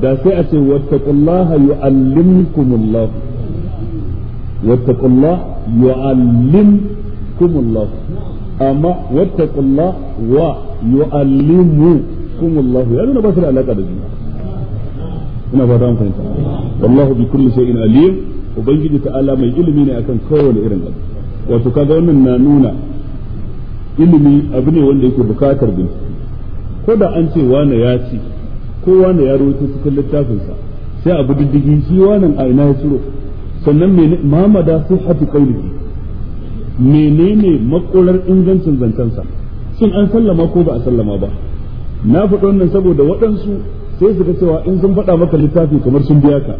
da sai a ce wattaqullaha yu'allimkumullah wattaqullaha yu'allimkumullah amma wattaqullah wa yu'allimukum Allah ya nuna ba su da alaka da juna ina ba da wallahu bi kulli shay'in alim ubangiji ta'ala mai ilimi ne akan kowane irin abu wato kaga wannan na nuna ilimi abu ne wanda yake bukatar bincike ko da an ce wane ya ci ko wane ya rawaito cikin littafinsa sai abu diddigi shi wannan a ina ya ciro sannan me mamada sai hatu kaulihi menene makolar ingancin zancensa sun an sallama ko ba a sallama ba na faɗi wannan saboda waɗansu sai su ga cewa in sun faɗa maka littafi kamar sun biya ka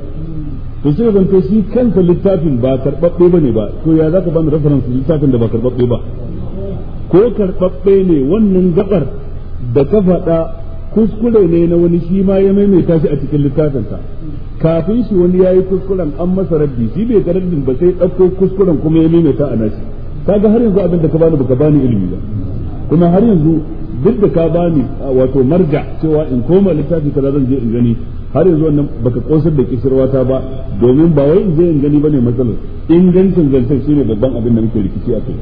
to sai zanto shi kanka littafin ba karɓaɓɓe ba ne ba to ya za ka bani reference littafin da ba karɓaɓɓe ba ko karɓaɓɓe ne wannan gaɓar da ka faɗa kuskure ne na wani shi ma ya maimaita shi a cikin littafinsa kafin shi wani ya yi kuskuren an masa rabbi shi bai ga rabbin ba sai ɗauko kuskuren kuma ya maimaita a nashi kaga har yanzu abin da ka bani baka bani ilimi ba kuma har yanzu duk da ka bani wato marja cewa in koma littafi kaza zan je in gani har yanzu wannan baka kosar da kishirwata ba domin ba wai in je in gani bane matsalar ingancin zantar shine babban abin da muke rikici a kai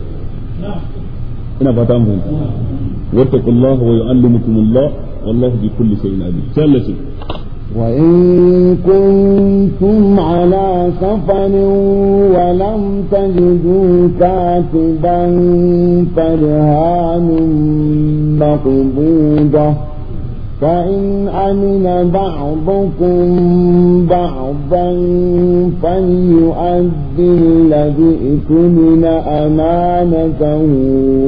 ina fata an fahimta wa yu'allimukumullah wallahu bi kulli shay'in alim sallallahu وإن كنتم على سفر ولم تجدوا كاتبا فرهان مقبوضة فإن أمن بعضكم بعضا فليؤدي الذي ائتمن أمانته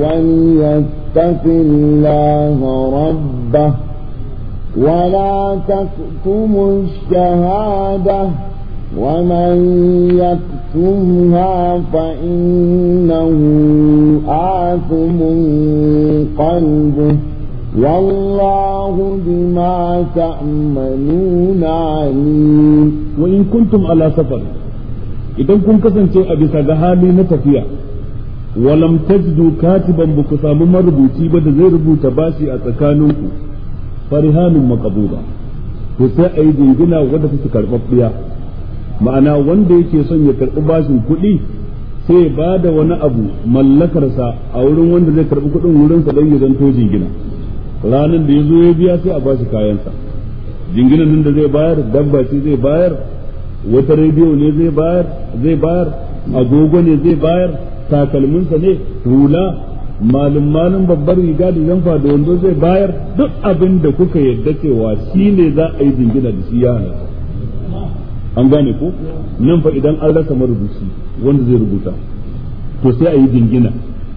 وليتق الله ربه ولا تكتم الشهادة ومن يكتمها فإنه آثم قلبه والله بما تأمنون عليم وإن كنتم على سفر إذا كنت كسنت أبي سجهالي نتفيا ولم تجدوا كاتبا بكسام مربوطي بدزير بوتباسي أتكانوكم farihanun maqbuda to sai a yi jingina wanda take karɓaɓɓiya ma'ana wanda yake son ya karɓi bashin kuɗi sai ba da wani abu mallakarsa a wurin wanda zai karɓi kuɗin wurinsa don ya zanto jingina ranar da ya zo ya biya sai a bashi kayansa jinginan nan da zai bayar dabba ce zai bayar wata rediyo ne zai bayar zai bayar agogo ne zai bayar takalminsa ne hula malum malum babbar riga da yanfa da wando zai bayar duk abin da kuka yadda cewa shi ne za a yi jingina da shi ya an gane ko nan fa idan an rasa marubuci wanda zai rubuta to sai a yi jingina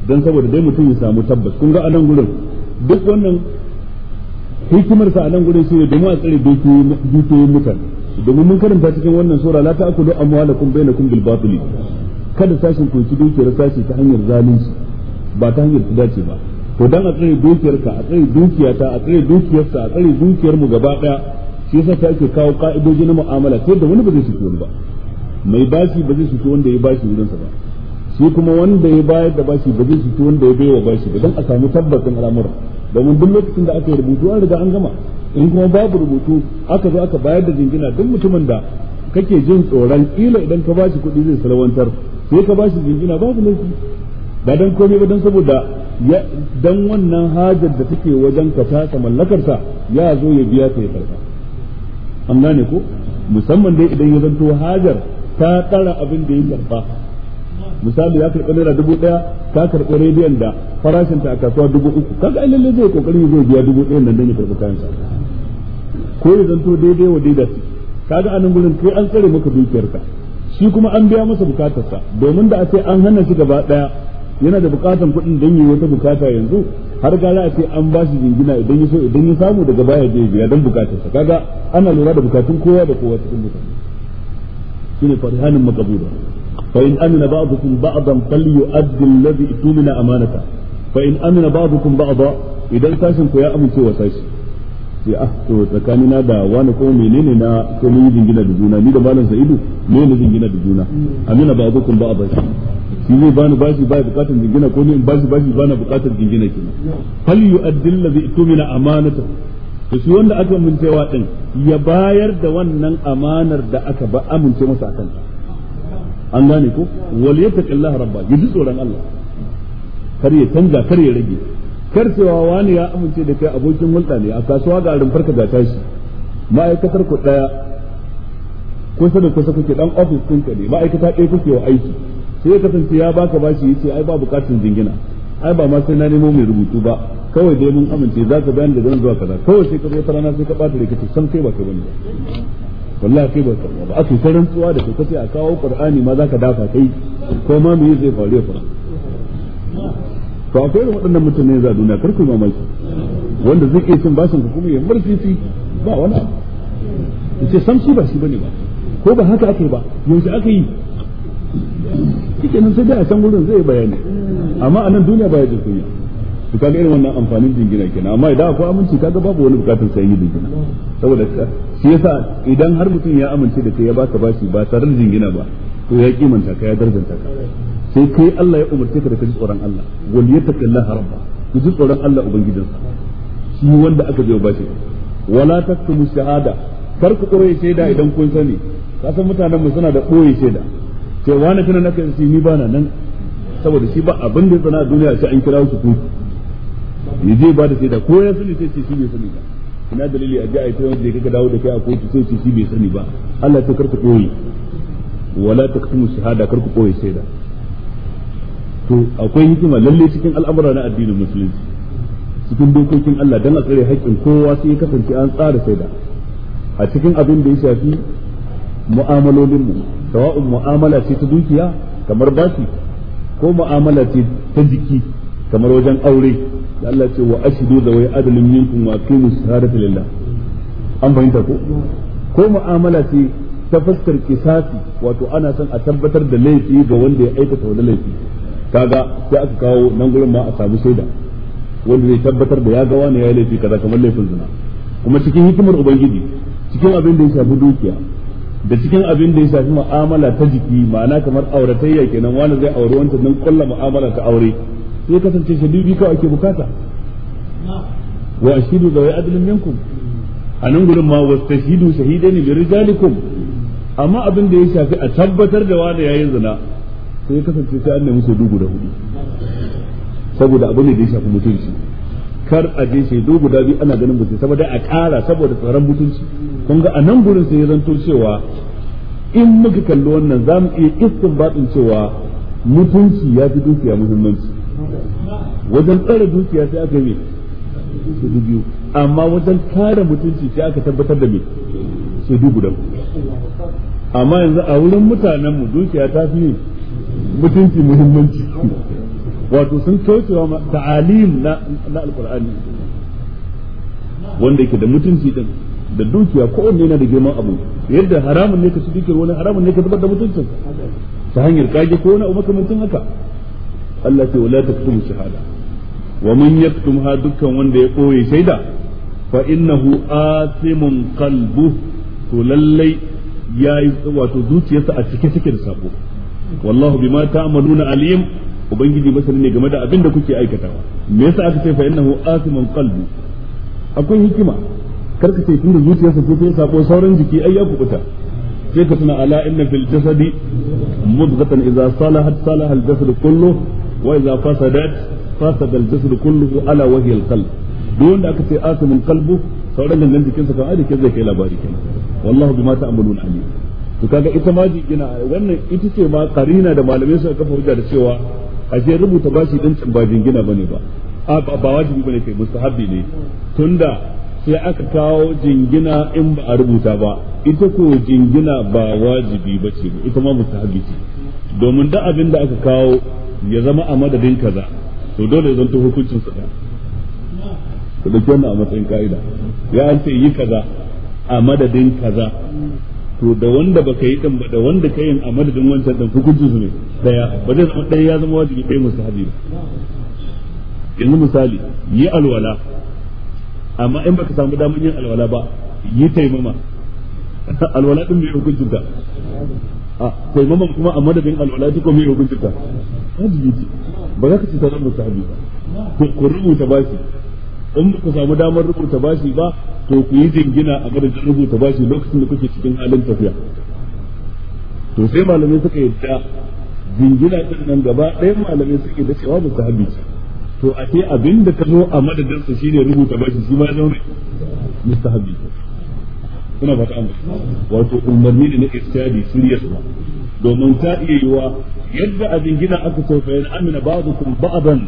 don saboda dai mutum ya samu tabbas kun ga a nan gurin duk wannan hikimarsa a nan gurin ne domin a tsare dukiyoyin mutane domin mun karanta cikin wannan sura la ta'kulu amwalakum bainakum bil batili kada sashin ku ci dukiyar sashi ta hanyar zalunci ba ta hanyar ta dace ba to dan a tsare dukiyarka a tsare dukiyata a tsare dukiyarsa a tsare dukiyar mu gaba daya shi yasa ta ake kawo ka'idoji na mu'amala sai da wani ba zai shigo ba mai bashi ba zai shi wanda ya bashi wurinsa ba shi kuma wanda ya bayar da bashi ba zai shi wanda ya baiwa bashi ba dan a samu tabbacin al'amura domin duk lokacin da aka yi rubutu an riga an gama in kuma babu rubutu aka zo aka bayar da jingina duk mutumin da kake jin tsoron kila idan ka bashi kuɗi zai salwantar sai ka bashi jingina babu laifi ba dan komai ba dan saboda dan wannan hajar da take wajen ka ta mallakarsa ya zo ya biya ka ya karba an gane ko musamman dai idan ya zanto hajar ta tsara abin da ya karba misali ya karɓi naira dubu ɗaya ka karɓi rediyon da farashinta a kasuwa dubu uku kaga ai lalle zai kokarin zai biya dubu ɗaya nan dan ya karɓi kayansa ko ya zanto daidai wa daidai su kaga anan gurin kai an tsare maka dukiyarka shi kuma an biya masa bukatarsa domin da a ce an hana shi gaba ɗaya yana da bukatan kuɗin don yi wata bukata yanzu har ga za a ce an bashi jingina idan ya so idan ya samu daga baya je biya don bukatarsa kaga ana lura da bukatun kowa da kowa cikin mutane shine farihanin maqbura fa in amina ba'dukum ba'dan falyu'addi alladhi tumina amanata fa in amina ba'dukum ba'da idan sashin ku ya amince wa sashi sai ah to tsakanina da wani ko menene na ko mun yi jingina da juna ni da malam sa'idu ne ne jingina da juna amina ba'dukum ba'da shi zai bani bashi ba bukatar jingina ko ne bashi bashi ba na bukatar jingina kenan fal yu'addil ladhi tumina amanata to shi wanda aka mun cewa din ya bayar da wannan amanar da aka ba amince masa akan ta an gane ko wal yattaqillaha rabba yaji tsoron Allah kar ya canza kar ya rage kar cewa wani ya amince da kai abokin hulɗa ne a kasuwa ga rumfar ka ga tashi ma'aikatar ku daya kusa da kusa kuke dan office ɗinka ne ma'aikata ɗaya kuke wa aiki sai ya kasance ya baka bashi yace ai ba bukatun jingina ai ba ma sai na nemo mai rubutu ba kawai dai mun amince za ka bayani da zan zuwa kaza kawai sai ka zo ta sai ka bata rikici san kai ba kai bane wallahi kai ba kai ba aka yi rantsuwa da kai kace a kawo qur'ani ma za ka dafa kai ko ma me zai faru ya faru to akwai irin waɗannan mutane za a duniya kar ku mamaki wanda zai iya cin bashin kuma ya fi ba wani yace sam shi ba shi bane ba ko ba haka ake ba yanzu aka yi shike nan sai dai a can gurin zai bayani amma a nan duniya baya jin kunya to kaga irin wannan amfanin jingina kenan amma idan akwai aminci kaga babu wani bukatun sai yi jingina saboda shi yasa idan har mutum ya amince da kai ya baka bashi ba tare da jingina ba to ya kimanta ka ya darjanta ka sai kai Allah ya umarce ka da ka ji tsoron Allah wal yattaqillaha rabba ku ji tsoron Allah ubangijinsa shi wanda aka je bashi wala taktumu shahada kar ku koyi shaida idan kun sani kasan mutanen mu suna da koyi shaida sai wani tunan naka sai ni na nan saboda shi ba abin da tsana a duniya sai an kira su ku ya je ba da sai da ko ya sani sai shi bai sani ba ina dalili a ji a ita wanda ya kaka dawo da kai a kotu sai shi bai sani ba Allah ta karku koyi wala taktumu shahada karku koyi sai da to akwai hikima lalle cikin al'amura na addinin musulunci cikin dokokin Allah dan a tsare haƙƙin kowa sai ya kasance an tsara sai da a cikin abin da ya shafi mu'amalolin mu sawa'un mu'amala ce ta dukiya kamar bashi ko mu'amala ce ta jiki kamar wajen aure da Allah ce wa ashidu da wai adalin minkum wa aqimu shahadata lillah an fahimta ko ko mu'amala ce ta fuskar kisasi wato ana son a tabbatar da laifi ga wanda ya aikata wani laifi kaga sai aka kawo nan gurin ma a samu shaida wanda zai tabbatar da ya ga wani ya laifi kaza kamar laifin zina kuma cikin hikimar ubangiji cikin abin da ya shafi dukiya da cikin abin da ya shafi mu'amala ta jiki ma'ana kamar auratayya kenan wani zai auri wancan nan kulla mu'amala ta aure sai kasance shadibi kawai ake bukata wa ashidu da wai adalin minkum a nan gurin ma wastashidu shahidaini bi rijalikum amma abin da ya shafi a tabbatar da wani yayin zina sai kasance sai an nemi shaidu guda hudu saboda abin da ya shafi mutunci kar a je shaidu guda biyu ana ganin mutunci saboda a kara saboda tsaron mutunci kun ga anan gurin sai ya zanto cewa in muka kalli wannan za mu iya baɗin cewa mutunci ya fi dukiya muhimmanci wajen tsara dukiya sai aka yi su biyu amma wajen kare mutunci sai aka tabbatar da me su dubu guda amma yanzu a wurin mutanen mu dukiya ta fi mutunci muhimmanci wato sun kaucewa ta'alim na alkur'ani wanda yake da mutunci din da dukiya ko wanne yana da girman abu yadda haramun ne ka ci dukiyar wani haramun ne ka zubar da mutuncin ta hanyar kage ko wani abu makamancin haka Allah ce wala taktumu shahada wa man yaktumha dukkan wanda ya koye shaida fa innahu asimun qalbu to lallai yayi wato zuciyarsa a cike cike da sako wallahu bima ta'maluna alim ubangiji masani ne game da abin da kuke aikatawa me yasa aka ce fa innahu asimun qalbu akwai hikima karka ce tunda zuciyarsa ce ta sako sauran jiki ai ya kubuta sai ka tuna ala inna fil jasadi mudghatan idza salahat salaha al jasad kullu wa idza fasadat fasada al jasad kullu ala wa hiya al qalb duk wanda aka ce asimin qalbu sauran gangan jikinsa kan adikin zai kai labari kenan wallahu bima ta'malun alim to kaga ita ma jikina wannan ita ce ma karina da malamai suka kafa hujja da cewa ashe rubuta bashi din ba jingina bane ba a ba wajibi bane kai mustahabbi ne tunda sai aka kawo jingina in ba a rubuta ba ita ko jingina ba wajibi ba ce ita ma mustahabi ce domin da abin da aka kawo ya zama a madadin kaza to dole ya zanto hukuncin su da ku dauki wannan a matsayin ka'ida ya an ce yi kaza a madadin kaza to da wanda baka yi din ba da wanda ka yi a madadin wancan din hukuncin su ne daya ba zai zama daya ya zama wajibi ɗaya mustahabi ba yanzu misali yi alwala amma in baka samu damar yin alwala ba yi taimama [LAUGHS] alwala din mai hukuncin ta a taimaman kuma a madadin alwala ta kuma mai hukuncin ta wajibi ce ba za ka ci sanar musahabi ba to ku rubuta bashi in ku samu damar rubuta bashi ba to ku yi jingina a madadin rubuta bashi lokacin da kuke cikin halin tafiya to sai malamai suka yadda jingina din nan gaba ɗayan malamai suke da cewa musu ce to a ce abin da ka zo a madadin su shine rubuta bashi shi ma zama mustahabi ina ba ta amma wato umarni ne na istiyadi shirya su domin ta iya yiwa yadda abin gina aka ce fa yana amina ba'dukum ba'dan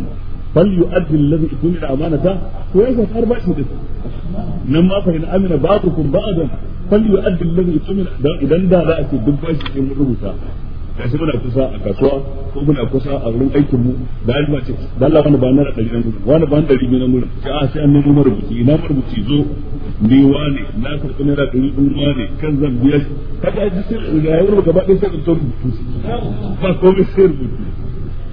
fal yu'addi alladhi tumira amanata ko ya san har bashi nan ma fa yana amina ba'dukum ba'dan fal yu'addi alladhi tumira idan da za a ce duk bashi sai mun rubuta da shi muna kusa a kasuwa ko muna kusa a wurin aikin mu da alfa ce da Allah wani ba a ɗari nan gudu wani ba na ɗari biyu nan gurin sai a sai an nemo marubuci na marubuci zo ni wane na karɓi naira ɗari ɗin wane kan zan biya shi ga ji sai ga yawon gaba ɗaya sai ka to rubutu ba komai sai rubutu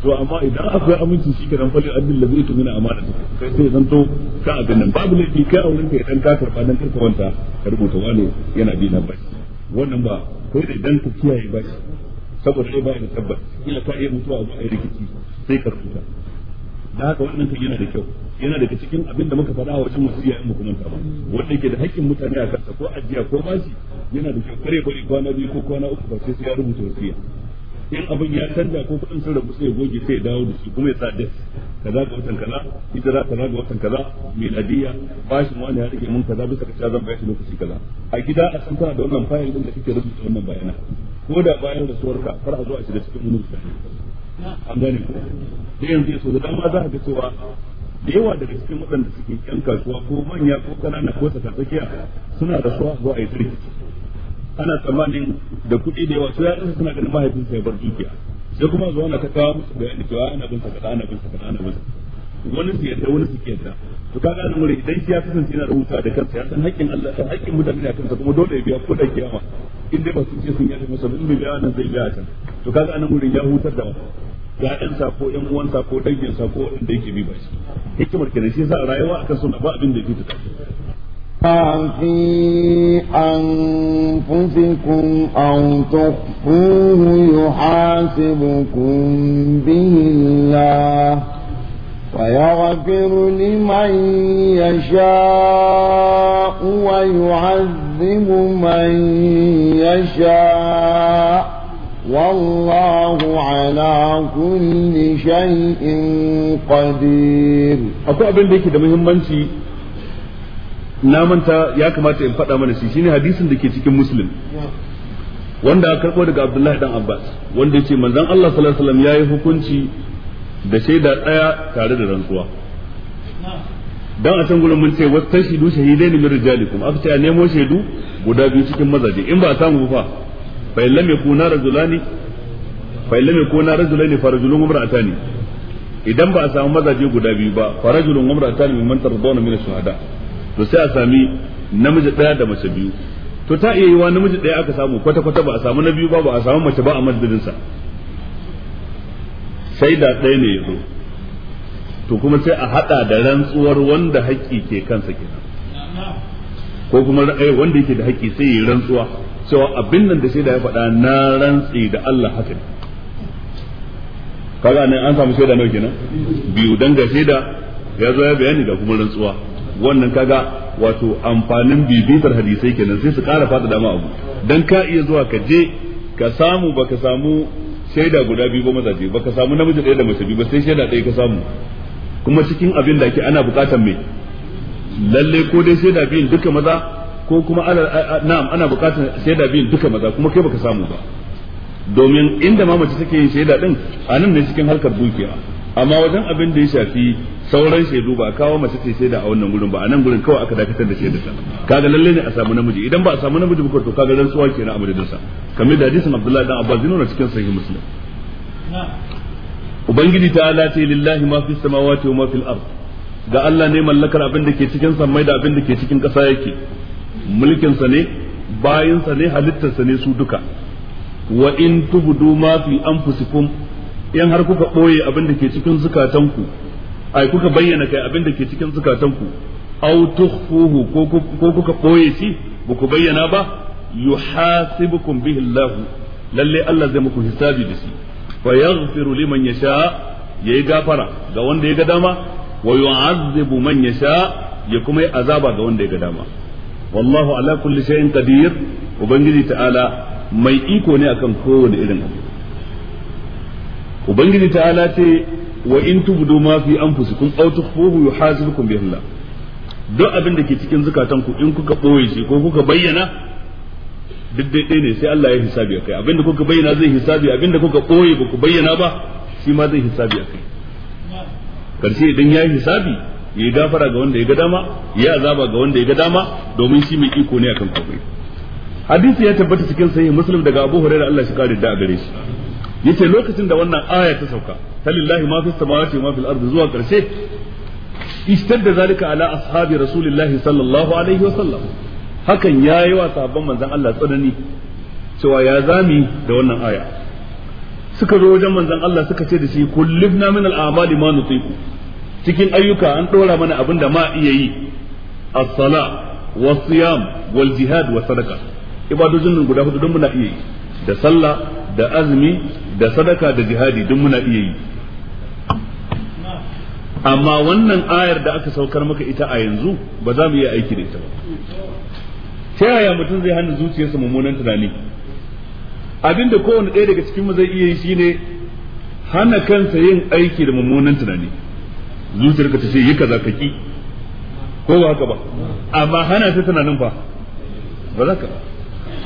to amma idan akwai aminci shi ke nan fali abin da zai tumina amana ta kai sai zan to ka abin nan babu ne ke kai a wurin ka idan ka karɓa nan karka wanta ka rubuta wane yana bi nan ba wannan ba kai da idan ka kiyaye ba shi saboda sai ba da tabbat ina ta iya mutuwa a ai rikici sai ka rubuta da haka wannan kan yana da kyau yana daga cikin abin da muka faɗa wa wajen wasiya in muku ba wanda yake da haƙƙin mutane a kansa ko ajiya ko basi yana da kyau kare bari kwana biyu ko kwana uku ba sai ya rubuta wasiya in abin ya canja ko kudin sun rabu sai goge sai dawo da su kuma ya sa dis kaza ga watan kaza za kaza ga watan kaza miladiya bashin wani ya rage mun kaza bisa ka zan bashi lokaci kaza a gida a san tana da wannan fayil din da kake rubuta wannan bayana ko da bayan rasuwarka ka a zo a shiga cikin wani an gane ko da yanzu so da dama za a ga cewa da yawa daga cikin waɗanda suke yan kasuwa ko manya ko ƙanana ko tsakatsakiya suna rasuwa zuwa a yi sirki ana tsammanin da kuɗi da yawa sai ya ɗansa suna ganin mahaifinsa ya bar dukiya sai kuma zuwa na ta kawo musu bayani cewa ana bin sa ana bin sa ana bin wani su yadda wani su ke yadda to kaga nan wuri idan shi ya kasance yana rubuta da kansa ya san haƙƙin Allah san haƙƙin mutane a kansa kuma dole ya biya ko da kiyama in dai ba su ce sun yi masa in bai biya nan zai biya can to kaga nan wuri ya hutar da ya'yansa ko yan uwansa ko danginsa ko wanda yake bi ba shi hikimar kenan shi yasa rayuwa akan suna ba abin da ya ta. في أنفسكم أو تخفوه يحاسبكم به الله فيغفر لمن يشاء ويعذب من يشاء والله على كل شيء قدير أكو أبن ديكي ده مهمنتي na manta ya kamata in faɗa mana shi shine hadisin da ke cikin muslim wanda aka karɓo daga abdullahi dan abbas wanda ya ce manzon allah sallallahu alaihi wasallam ya yi hukunci da shaida ɗaya tare da rantsuwa dan a can gurin mun ce shahidai shahidaini min rijalikum aka ce a nemo shaidu guda biyu cikin mazaje in ba a samu fa fa illam yakuna rajulani fa illam yakuna rajulani fa rajulun imra'atani idan ba a samu mazaje guda biyu ba fa rajulun imra'atani mimman tardawna min ash-shuhada to sai a sami namiji daya da mace biyu to ta iya yiwa namiji daya aka samu kwata kwata ba a samu na biyu ba ba a samu mace ba a madadin sa sai da ɗaya ne yazo to kuma sai a hada da rantsuwar wanda haƙƙi ke kansa kenan ko kuma eh, wanda yake da haƙƙi sai ya rantsuwa cewa abin nan da shaida ya faɗa na rantsi da Allah haka ne kaga ne an samu shaida nawa kenan biyu dan ga shaida ya zo ya bayani da kuma rantsuwa wannan kaga wato amfanin bibitar hadisai kenan sai su kara fada dama abu dan ka iya zuwa ka je ka samu baka samu shaida guda biyu ba mazaje baka samu namiji ɗaya da mace biyu ba sai shaida ɗaya ka samu kuma cikin abin da ake ana buƙatar me lalle ko dai shaida biyun duka maza ko kuma na'am ana buƙatar shaida biyun duka maza kuma kai baka samu ba domin inda ma mace take yin shaida din a nan ne cikin harkar dukiya amma wajen abin da ya shafi sauran shaidu ba kawo mace ce da a wannan gurin ba a nan gurin kawai aka dakatar da shaidu ta kaga lalle ne a samu namiji idan ba a samu namiji ba to kaga rantsuwa ke na madadin sa kamar da hadisin Abdullahi dan Abbas yana cikin sahih Muslim ubangiji ta ala ce lillahi ma fi samawati wa ma fil ard ga Allah ne mallakar abin da ke cikin sammai da abin da ke cikin ƙasa yake mulkin sa ne bayin sa ne halittar sa ne su duka wa in tubdu ma fi anfusikum in har kuka boye abin da ke cikin zukatanku ai kuka bayyana kai abin da ke cikin zukatanku aw tukhfuhu ko kuka boye shi ba ku bayyana ba yuhasibukum bihi Allah lalle Allah zai muku hisabi da shi fa yaghfiru liman yasha yayi gafara ga wanda ya ga dama wa yu'azzibu man yasha ya kuma yi azaba ga wanda ya ga dama wallahu ala kulli shay'in qadir ubangiji ta'ala mai iko ne akan kowane irin abu ubangiji ta'ala ce wa in tubdu ma fi anfusikum aw tukhfuhu yuhasibukum bihi Allah duk abin da ke cikin ku in kuka boye shi ko kuka bayyana duk dai ne sai Allah ya hisabi kai abin da kuka bayyana zai hisabi abin da kuka boye ba ku bayyana ba shi ma zai hisabi kai. karshe idan ya hisabi ya yi gafara ga wanda ya ga dama ya azaba ga wanda ya ga dama domin shi mai iko ne akan komai hadisi ya tabbata cikin sahih muslim daga abu hurairah Allah shi kare da a gare shi yace lokacin da wannan aya ta sauka talillahi ma fis samawati wa ma fil ardi zuwa karshe istadda zalika ala ashabi rasulillahi sallallahu alaihi wa sallam hakan yayi wa sahabban manzon Allah tsanani cewa ya zami da wannan aya suka zo wajen manzon Allah suka ce da shi kullibna min al'amali ma nutiku cikin ayyuka an dora mana abin da ma iya yi as-sala was-siyam wal jihad wa sadaqa ibadojin nan guda hudu don muna iya yi da sallah da azumi da sadaka da jihadi duk muna iya yi amma wannan ayar da aka saukar maka ita a yanzu ba za mu iya aiki da ita ba ta yaya mutum zai hana zuciyarsa mummunan tunani abinda kowane ɗaya daga cikin mu zai iya yi shine hana kansa yin aiki da mummunan tunani zuciyarka ta ce yi kaza ka ki ko ba haka ba amma hana ta tunanin fa ba za ka ba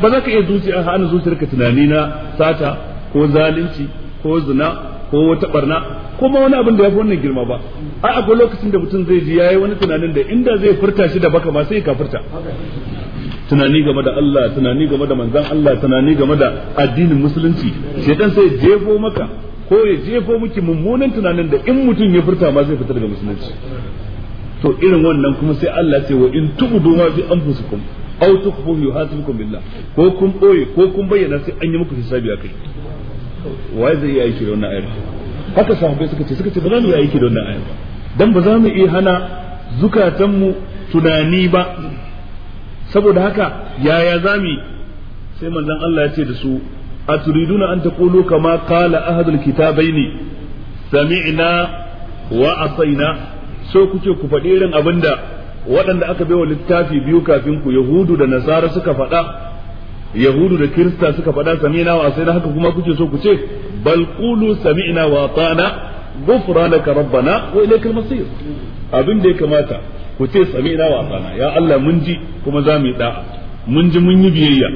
ba za ka iya zuciya hana zuciyarka tunani na sata ko zalunci ko zina ko wata barna ko ma wani abin da ya fi wannan girma ba Aa akwai lokacin da mutum zai ji ya yi wani tunanin da inda zai furta shi da baka ma sai ka furta tunani game da Allah tunani game da manzan Allah tunani game da addinin musulunci shaitan sai jefo maka ko ya jefo miki mummunan tunanin da in mutum ya furta ma zai fita daga musulunci to irin wannan kuma sai Allah ce wa in tubu ma bi anfusikum aw tukhfuhu yuhasibukum billah ko kun boye ko kun bayyana sai an yi muku hisabi akai wa zai yi aiki da wannan ayar haka sahabbai suka ce suka ce ba za mu yi aiki da wannan ayar dan ba za mu iya hana zukatanmu tunani ba saboda haka yaya za mu sai manzon Allah ya ce da su aturiduna an taqulu kama qala ahadul kitabaini sami'na wa asaina so kuke ku faɗi irin abinda waɗanda aka baiwa littafi biyu kafin ku yahudu da nasara suka faɗa yahudu da kirista suka faɗa sami'na wa sai haka kuma kuke so ku ce bal qulu sami'na wa ata'na ghufranaka rabbana wa ilaykal masir abin da ya kamata ku ce sami'na wa ata'na ya Allah mun ji kuma za mu yi da'a mun ji mun yi biyayya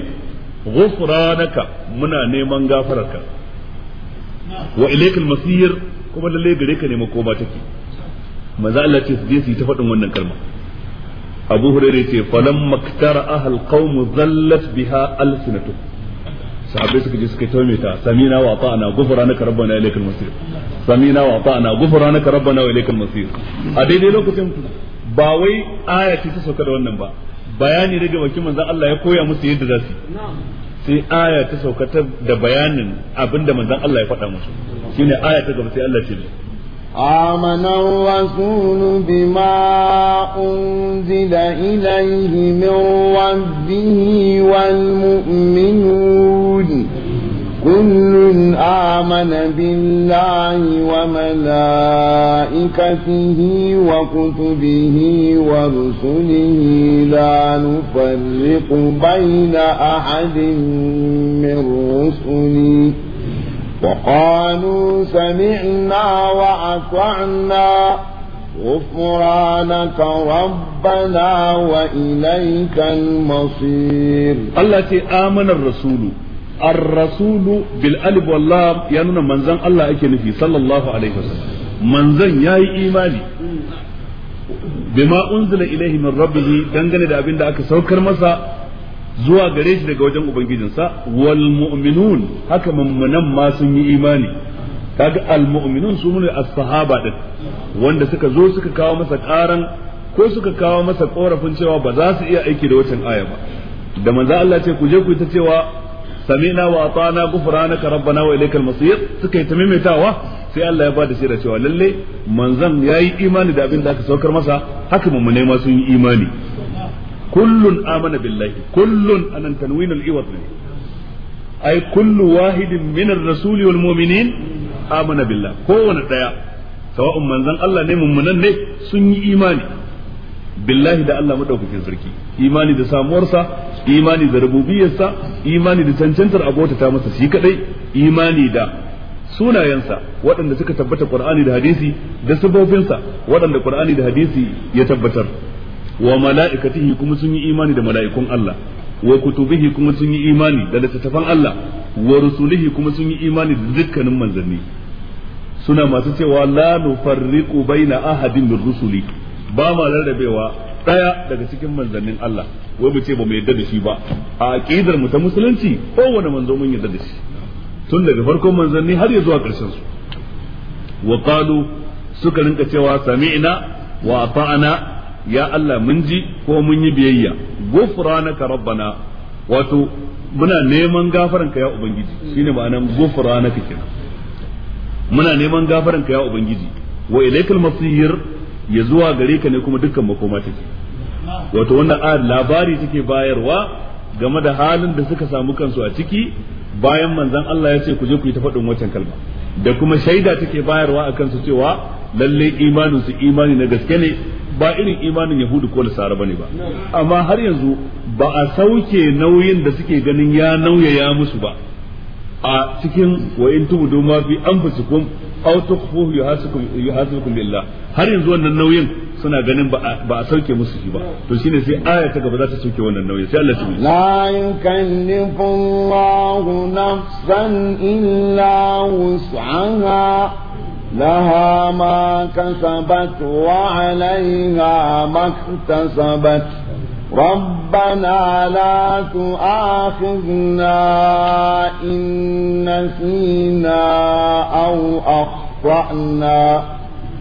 ghufranaka muna neman gafararka wa ilaykal masir kuma lalle gare ka ne makoma take manzo Allah ce su je su yi ta faɗin wannan kalma abu hurairah ce maktara ahal qaum zallat biha alsinatu suka je suka ta wa masir wa masir a daidai lokacin ba wai aya ce ta sauka da wannan ba bayani daga bakin manzon Allah ya koya musu yadda za su sai aya ta sauka da bayanin abinda manzon Allah ya faɗa musu shine aya ta gaba sai Allah ce آمن الرسول بما أنزل إليه من ربه والمؤمنون كل آمن بالله وملائكته وكتبه ورسله لا نفرق بين أحد من رسله وقالوا سمعنا وأطعنا غفرانك ربنا وإليك المصير التي آمن الرسول الرسول بالألف واللام ينون منزن الله أكي صلى الله عليه وسلم منزن ياي إيماني بما أنزل إليه من ربه دنجل دا أبين دا أكي سوكر مسا zuwa gare shi daga wajen ubangijinsa wal mu'minun haka mummunan ma sun yi imani kaga al mu'minun su ne as-sahaba din wanda suka zo suka kawo masa karan ko suka kawo masa korafin cewa ba za su iya aiki da wacin aya ba da manzo Allah ce ku je ku ta cewa sami'na wa atana ghufranaka rabbana wa ilaykal masir suka yi ta mimitawa sai Allah ya bada shaida cewa lalle manzon yayi imani da abin da aka saukar masa haka mummune ma sun yi imani kullun amana billahi kullun anan tanwin iwad ne ai kullu wahidin min ar-rasuli wal mu'minin amana billah kowanne daya sawa'un manzon Allah ne mummunan ne sun yi imani billahi da Allah madaukakin sarki imani da samuwarsa imani da rububiyarsa imani da cancantar abota ta masa shi kadai imani da sunayensa waɗanda suka tabbata Qur'ani da hadisi da sifofinsa waɗanda Qur'ani da hadisi ya tabbatar wa mala'ikatihi kuma sun yi imani da mala'ikun Allah wa kutubihi kuma sun yi imani da littattafan Allah wa rusulihi kuma sun yi imani da dukkanin manzanni suna masu cewa la nufarriqu baina ahadin min rusuli ba ma rarrabewa daya daga cikin manzannin Allah wai mu ce ba mu yarda da shi ba a aqidar mu ta musulunci kowane manzo mun yarda da shi tun daga farkon manzanni har ya zuwa karshen su wa qalu suka rinka cewa sami'na wa ata'na ya Allah mun ji ko mun yi biyayya gufranaka rabbana wato muna neman gafaranka ya ubangiji shine ma'anan gufranaka kenan muna neman gafaranka ya ubangiji wa ilaikal masir ya zuwa gare ka ne kuma dukkan makoma take wato wannan a labari take bayarwa game da halin da suka samu kansu a ciki bayan manzon Allah ya ce ku je ku yi ta faɗin wancan kalma da kuma shaida take bayarwa akan su cewa lalle imanin su imani na gaske ne ba irin imanin yahudu ko nasara bane ba amma har yanzu ba a sauke nauyin da suke ganin ya nauyaya musu ba a cikin wa in tubudu ma fi anfusikum aw tukhfuhu yuhasibukum yuhasibukum billah har yanzu wannan nauyin suna ganin ba a sauke musu shi ba to shine sai aya ta gaba za ta sauke wannan nauyi sai Allah subhanahu la yukallifu Allahu nafsan illa wus'aha لها ما كسبت وعليها ما اكتسبت ربنا لا تؤاخذنا إن نسينا أو أخطأنا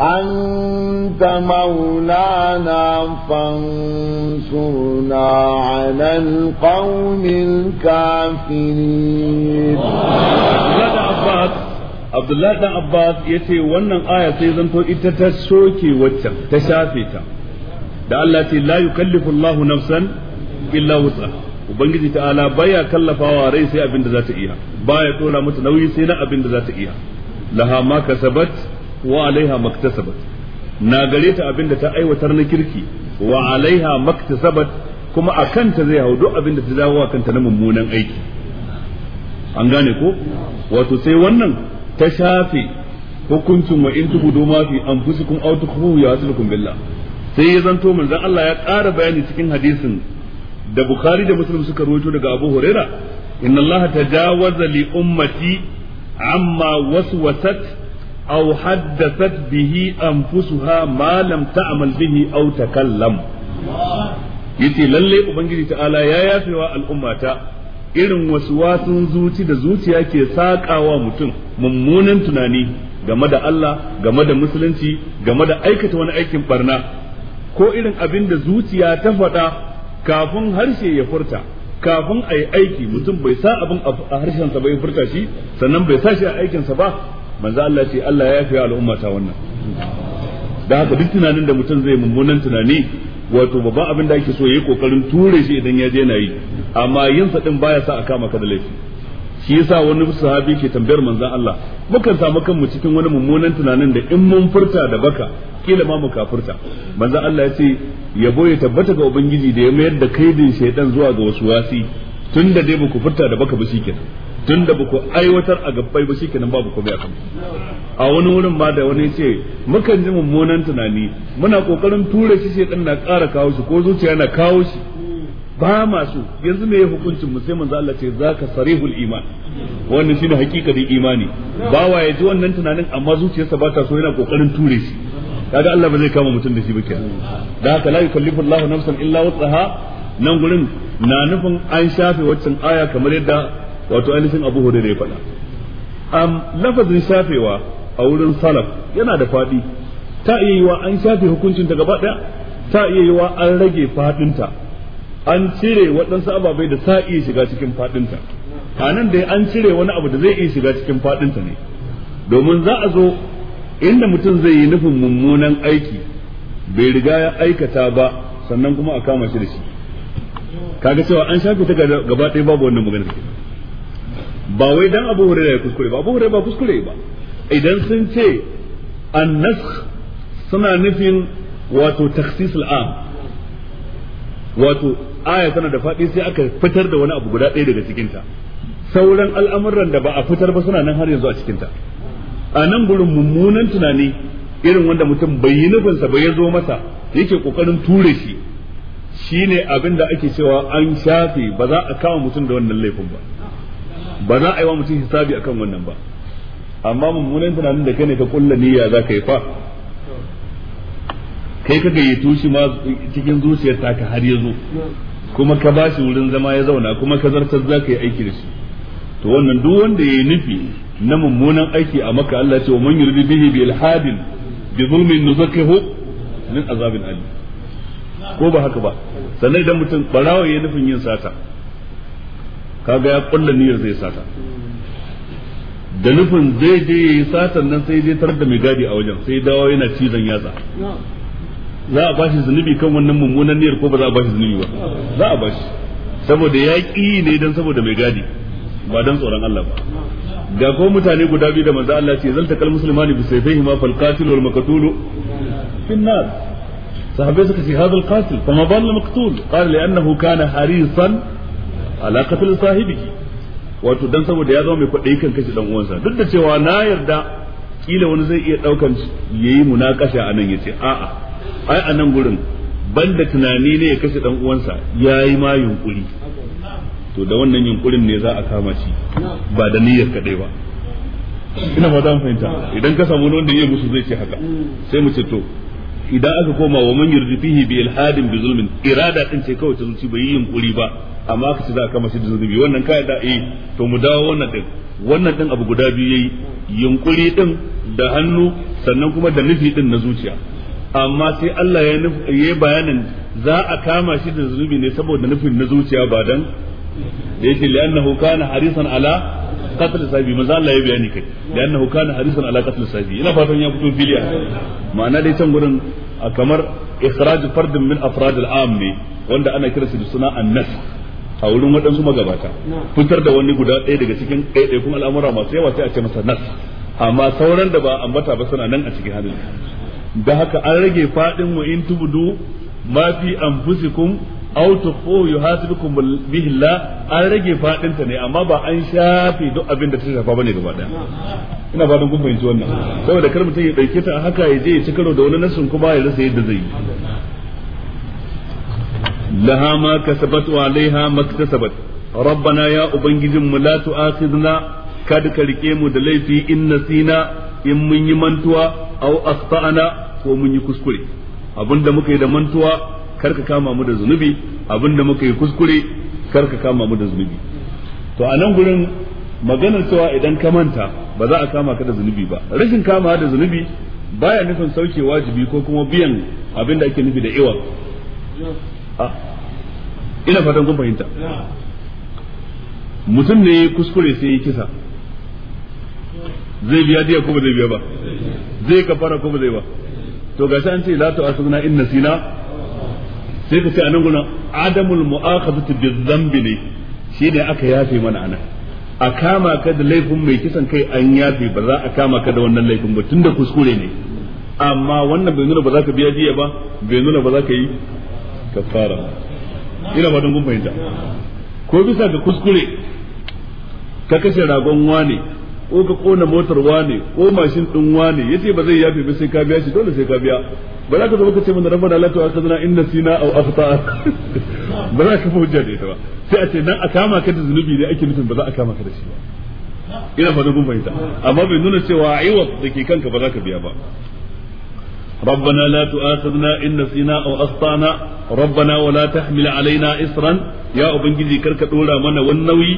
أنت مولانا فانصرنا على القوم الكافرين Abdullahi dan Abbas ya ce wannan aya sai zanto ita ta soke waccan ta shafe ta da Allah ce la yukallifu Allahu nafsan illa wusa ubangiji ta'ala baya kallafawa rai sai abin da za ta iya baya dora mata nauyi sai na abin da za ta iya laha ma kasabat wa alaiha maktasabat na gare ta abinda ta aiwatar na kirki wa alaiha maktasabat kuma a kanta zai hau duk abinda ta dawo kanta na mummunan aiki an gane ko wato sai wannan ta shafe hukuncin wa in tubudu ma fi anfusikum aw ya yasilukum billah sai ya zanto manzon Allah ya ƙara bayani cikin hadisin da Bukhari da Muslim suka rawaito daga Abu Huraira inna Allah tajawaza li ummati amma waswasat aw haddathat bihi anfusuha ma lam ta'mal bihi aw takallam yace lalle ubangiji ta'ala ya yafewa al'ummata irin wasu wasun zuci da zuciya ke sakawa mutum mummunan tunani game da Allah game da musulunci game da aikata wani aikin barna ko irin abin da zuciya ta faɗa kafin harshe ya furta kafin a yi aiki mutum bai sa abin a harshensa bai furta shi sannan bai sa shi a aikinsa ba manzo Allah ce Allah ya yafe al'ummata wannan da haka duk tunanin da mutum zai mummunan tunani wato babban abin da ake so yayi kokarin ture shi idan ya je na yi amma yin sa din baya sa a kama ka da laifi shi yasa wani sahabi ke tambayar manzo Allah mukan samu kanmu cikin wani mummunan tunanin da in mun furta da baka kila ma mu kafurta manzo Allah ya ce yabo ya tabbata ga ubangiji da ya mayar da kaidin shaytan zuwa ga wasu wasi tunda dai ba ku furta da baka ba shikenan tun da baku aiwatar a gabbai ba shikenan babu komai kan a wani wurin ma da wani ce mukan ji mummunan tunani muna kokarin tura shi sai dan na ƙara kawo shi ko zuciya na kawo shi ba masu yanzu me hukuncin mu sai manzo Allah ce zaka sarihul iman wannan shine hakikatin imani bawa ya ji wannan tunanin amma zuciyarsa ba ta so yana kokarin ture shi kaga Allah ba zai kama mutum da shi ba kenan da haka la yukallifu Allahu nafsan illa wusaha nan gurin na nufin an shafe waccan aya kamar yadda wato ainihin abu da ya faɗa am lafazin shafewa a wurin salaf yana da faɗi ta iya yiwa an shafe hukuncin ta gaba ɗaya ta iya yiwa an rage faɗinta an cire waɗansu ababai da sa iya shiga cikin faɗinta a nan dai an cire wani abu da zai iya shiga cikin faɗinta ne domin za a zo inda mutum zai yi nufin mummunan aiki bai riga ya aikata ba sannan kuma a kama shi da shi kaga cewa an shafe ta gaba ɗaya babu wannan magana ba wai dan Abu Hurairah ya kuskure ba Abu Hurairah ba kuskure ba idan sun ce an suna nufin wato takhsis wato aya tana da faɗi sai aka fitar da wani abu guda ɗaya daga cikinta sauran al'amuran da ba a fitar ba suna nan har yanzu a cikinta a nan gurin mummunan tunani irin wanda mutum bai yi nufinsa ba ya zo masa yake kokarin ture shi shine abin da ake cewa an shafe ba za a kama mutum da wannan laifin ba ba za a yi wa mutum hisabi akan wannan ba amma mummunan tunanin da kai ne ka kulla niyya za ka yi fa kai ka gayyato shi ma cikin zuciyar ka har ya zo kuma ka ba shi wurin zama ya zauna kuma ka zartar za ka yi aiki da shi to wannan duk wanda ya yi nufi na mummunan aiki a maka Allah ce wa man yuridu bihi bil ilhadin bi zulmin nuzakkihu min azabin Ali. ko ba haka ba sannan idan mutum barawa ya nufin yin sata kaga ya kulla niyyar zai sata da nufin zai je yayi satan nan sai zai tarar da mai gadi a wajen sai dawo yana cizon yatsa za a bashi zunubi kan wannan mummunan niyyar ko ba za a bashi zunubi ba za a bashi saboda ya ƙi ne dan saboda mai gadi ba dan tsoron Allah ba ga ko mutane guda biyu da manzo Allah ce zalta kal muslimani bi sayfihi ma fal qatil wal maqtul fi nar sahabbai suka ce hadal qatil fa ma bal maqtul qala li annahu kana harisan ala sahibi wato dan saboda ya zama mai kwaɗayi kan kashe dan uwansa duk da cewa na yarda kila wani zai iya daukan yayi munakasha anan yace a'a ai anan gurin banda tunani ne ya kashe dan uwansa yayi ma yunkuri to da wannan yunkurin ne za a kama shi ba da niyyar kadai ba ina ba fahimta idan ka samu wanda ya musu zai ce haka sai mu ce to idan aka koma wa man yurdi fihi bi ilhadin bi zulmin irada din ce kawai ta zuci bai yi yunkuri ba amma ka ce za a kama shi da zunubi wannan kai da eh to mu dawo wannan din wannan din abu guda biyu yayi yunkuri din da hannu sannan kuma da nufi din na zuciya amma sai Allah ya yi bayanin za a kama shi da zunubi ne saboda nufin na zuciya ba dan da yake li'annahu kana harisan ala qatl sabi maza Allah ya bayani kai li'annahu kana harisan ala qatl sabi ina fatan ya fito filiya ma'ana dai can gurin kamar ikhraj fardin min afrad al ne wanda ana kiransa da suna an-nas a wurin waɗansu magabata fitar da wani guda ɗaya daga cikin ɗaiɗaikun al'amura masu yawa sai a ce masa nas amma sauran da ba ambata ba suna nan a cikin hannun da haka an rage faɗin wa in tubudu ma fi anfusikum aw tuqu yuhasibukum bihi Allah an rage faɗin ta ne amma ba an shafe duk abin da ta shafa bane gaba daya ina fatan kun fahimci wannan saboda kar mutum ya dauke ta haka ya je ya ci karo da wani nasin kuma ya rasa yadda zai yi lahama ma kasabat wa alaiha maktasabat rabbana ya ubangijin mu la tu'akhidna kada ka mu da laifi in nasina in mun yi mantuwa aw akhtana ko mun yi kuskure abinda muka yi da mantuwa karka kama mu da zunubi abinda muka yi kuskure karka kama mu da zunubi to a nan gurin maganar cewa idan ka manta ba za a kama ka da zunubi ba rashin kama da zunubi baya nufin sauke wajibi ko kuma biyan abin da ake nufi da iwa ina fatan kun fahimta mutum ne kuskure sai ya kisa zai biya diya ko ba zai biya ba zai kafara ko ba zai ba to gashi an ce la tu'asuna inna sina sai ka ce anan guna adamul mu'akhadatu bizambi ne shi ne aka yafe mana anan a kama ka da laifin mai kisan kai an yafe ba za a kama ka da wannan laifin ba tunda kuskure ne amma wannan bai nuna ba za ka biya jiya ba bai nuna ba za ka yi kafara ina ba dungun fahimta ko bisa ga kuskure ka kashe ragon wane ko ka kona motar wane ko mashin din wane yace ba zai yafe ba sai ka biya shi dole sai ka biya ba za ka zo ka ce mana rabbana la zina in nasina aw afta [LAUGHS] ba za ka fuje da ita ba sai a ce nan a kama ka da zunubi ne ake nufin ba za a kama ka da shi ba ina fata kun fahimta amma bai nuna cewa aiwa da ke kanka ba za ka biya ba ربنا لا تؤاخذنا إن نسينا أو أخطأنا ربنا ولا تحمل علينا إصرا يا أبنجي كرك دولا من والنوي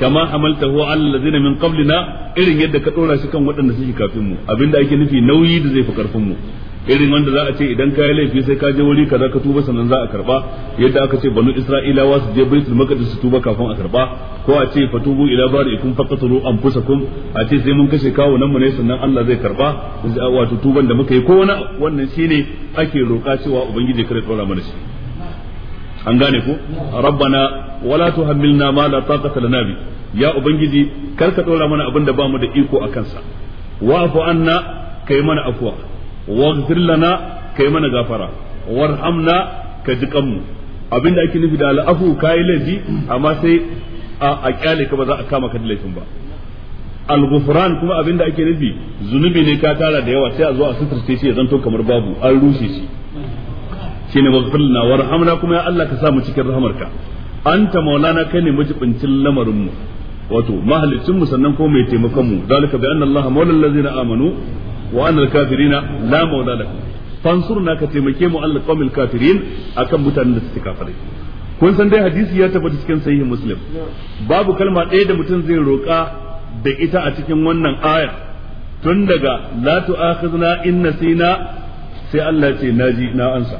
كما حملته على الذين من قبلنا إذن يدك دولا سكن ودن سيكا فيمو أبن دا يكي نفي نوي دزي فكر فيمو irin wanda za a ce idan ka yi laifi sai ka je wuri kaza ka tuba sannan za a karba yadda aka ce banu isra'ilawa su je baitul maqdis su tuba kafin a karba ko a ce fatubu ila bari'ikum faqtulu anfusakum a ce sai mun kashe kawo nan mu ne sannan Allah zai karba wato tuban da muka yi ko wani wannan shine ake roka cewa ubangiji kada tsora mana shi an gane ko rabbana wala tuhammilna ma la taqata lana bi ya ubangiji kar ka tsora mana abin da bamu da iko a kansa wa'fu anna kai mana afwa waghfir lana kai mana gafara warhamna ka ji kanmu abinda ake nufi da al'afu kai laifi amma sai a kyale ka ba za a kama ka da laifin ba al-ghufran kuma abinda ake nufi zunubi ne ka tara da yawa sai a zo a suturce shi ya zanto kamar babu an rushe shi shine waghfir lana warhamna kuma ya Allah ka sa mu cikin rahamarka anta maulana kai ne majibincin lamarin mu wato mahalicin mu sannan ko mai taimakon mu zalika bi anna allaha maulal ladzina amanu wa anil kafirina la maula lahum fansurna ka taimake mu al qawmil kafirin akan mutanen da suke kafirai kun san dai hadisi ya tabbata cikin sahihi muslim babu kalma ɗaya da mutum zai roƙa da ita a cikin wannan aya tun daga la tu'akhizna in nasina sai Allah ce naji na ansa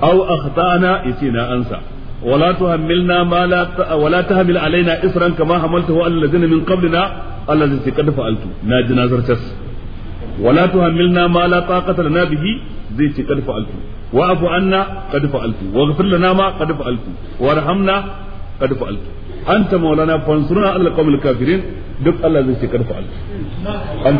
aw akhtana yace na ansa ولا تحملنا ما لا ت... ولا تحمل علينا اسرا كما حملته على الذين من قبلنا الذي قد فعلت wala tuhammilna ma la taqata bihi zai ce kad fa'altu wa afu anna kad fa'altu wa ghfir lana ma kad fa'altu warhamna kad fa'altu anta maulana fansurna alal qawmil kafirin duk Allah zai ce an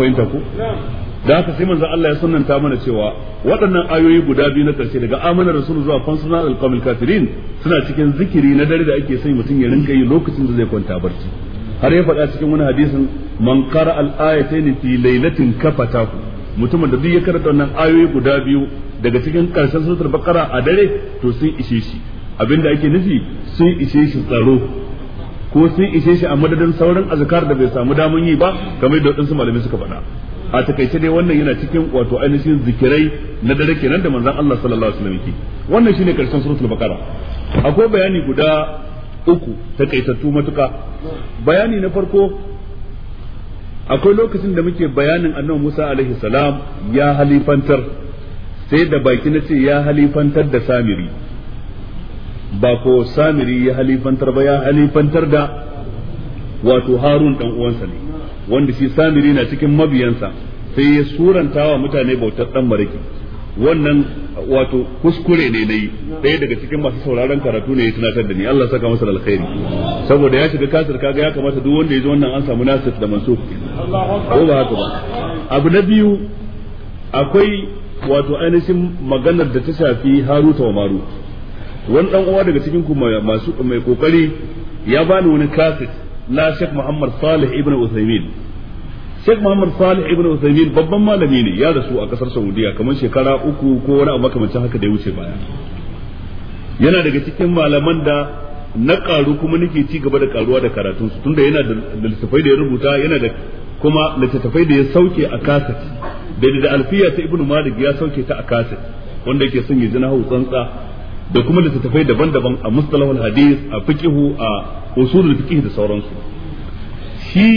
da haka sai manzo Allah ya sunnanta mana cewa waɗannan ayoyi guda biyu na karshe daga amanar rasul zuwa fansuna al-qamil kafirin suna cikin zikiri na dare da ake son mutum ya rinka yi lokacin da zai kwanta barci har ya faɗa cikin wani hadisin man qara al ayatayn fi laylatin kafatahu mutumin da duk ya karanta wannan ayoyi guda biyu daga cikin karshen suratul baqara a dare to sun ishe shi abinda ake nufi sun ishe shi tsaro ko sun ishe shi a madadin sauran azkar da bai samu damun yi ba kamar yadda wadansu malamai suka faɗa a takaice dai wannan yana cikin wato ainihin zikirai na dare kenan da manzon Allah sallallahu alaihi wasallam yake wannan shine karshen suratul baqara akwai bayani guda uku takaitattu matuka bayani na farko akwai lokacin da muke bayanin annabi Musa alaihi salam ya halifantar sai da baki na ce ya halifantar da samiri ba ko samiri ya halifantar ba ya halifantar da wato harun dan uwansa ne wanda shi samiri na cikin mabiyansa sai ya surantawa mutane bautar dan mariki wannan wato kuskure ne nayi ɗaya daga cikin masu sauraron karatu ne ya tunatar da ni Allah saka masa alkhairi saboda ya shiga kasir kaga ya kamata duk wanda ya wannan an samu nasir da mansuf ko ba haka ba abu na biyu akwai wato ainihin maganar da ta shafi haruta wa maru wani dan uwa daga cikin ku masu mai kokari ya bani wani kasir na Sheikh Muhammad Salih ibn Uthaymeen Sheikh Muhammad Salih Ibn Uthaymeen babban malami ne ya rasu a kasar Saudiya kamar shekara uku ko wani abu makamancin haka da ya wuce baya yana daga cikin malaman da na karu kuma nake ci gaba da karuwa da karatun su tunda yana da littattafai da ya rubuta yana da kuma littattafai da ya sauke a kasat da da alfiya ta Ibn Malik ya sauke ta a kasat wanda yake son ya ji hau tsantsa da kuma littattafai daban-daban a mustalahul hadith a fiqhu a usulul fiqh da sauransu shi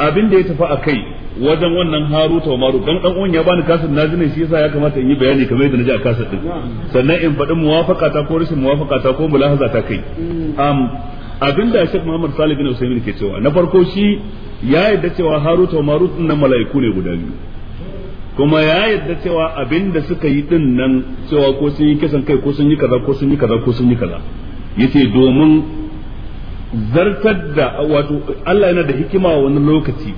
abin da ya tafi a kai wajen wannan haruta wa maru dan dan uwan ya bani kasar na zina shi yasa ya kamata in yi bayani kamar yadda naji a kasar din sannan in faɗi muwafaka ta ko rashin muwafaka ta ko mulahaza ta kai um abin da shek Muhammad Salih bin Usaimin ke cewa na farko shi ya yadda cewa haruta wa maru din nan mala'iku ne guda biyu kuma ya yadda cewa abin da suka yi din nan cewa ko sun yi kisan kai ko sun yi kaza ko sun yi kaza ko sun yi kaza yace domin zartar da wato Allah yana da hikima wani lokaci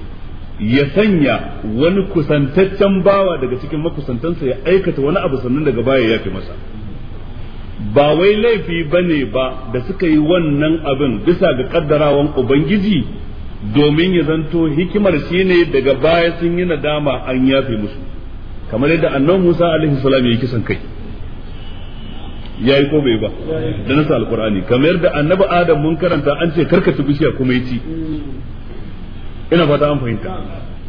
ya sanya wani kusantaccen bawa daga cikin makusantansa ya aikata wani abu sannan daga baya ya fi masa ba wai laifi ba ne ba da suka yi wannan abin bisa ga kaddarawan ubangiji domin ya zanto hikimar shi ne daga baya sun yi nadama an yafe musu kamar yadda annabi Musa alaihi salam ya kisan kai yi ko bai ba da nasa alqur'ani kamar da annabi adam mun karanta an ce karkata bishiya kuma ci ina fata an fahimta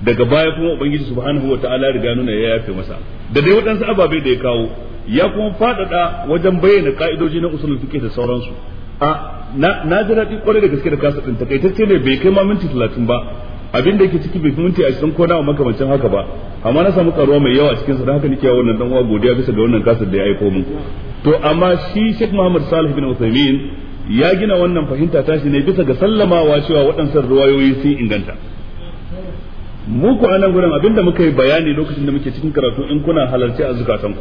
daga baya kuma ubangiji subhanahu ta'ala riga nuna ya yafe masa da dai waɗansu ababe da ya kawo ya kuma faɗaɗa wajen bayyana ka'idoji na usulun fiƙe da sauransu a na na ji daɗi kwarai da gaske da kasa ɗin takaitacce ne bai kai ma minti talatin ba abin da yake ciki bai fi minti cikin ko nawa makamancin haka ba amma na samu karuwa mai yawa cikin sa da haka nake yawa nan dan uwa godiya bisa ga wannan kasar da ya aiko min to amma shi Sheikh Muhammad Salih bin Uthaymeen ya gina wannan fahimta tashi ne bisa ga sallamawa cewa waɗansan ruwayoyi sun inganta mu ku anan gurin abinda muka yi bayani lokacin da muke cikin karatu in kuna halarci a ku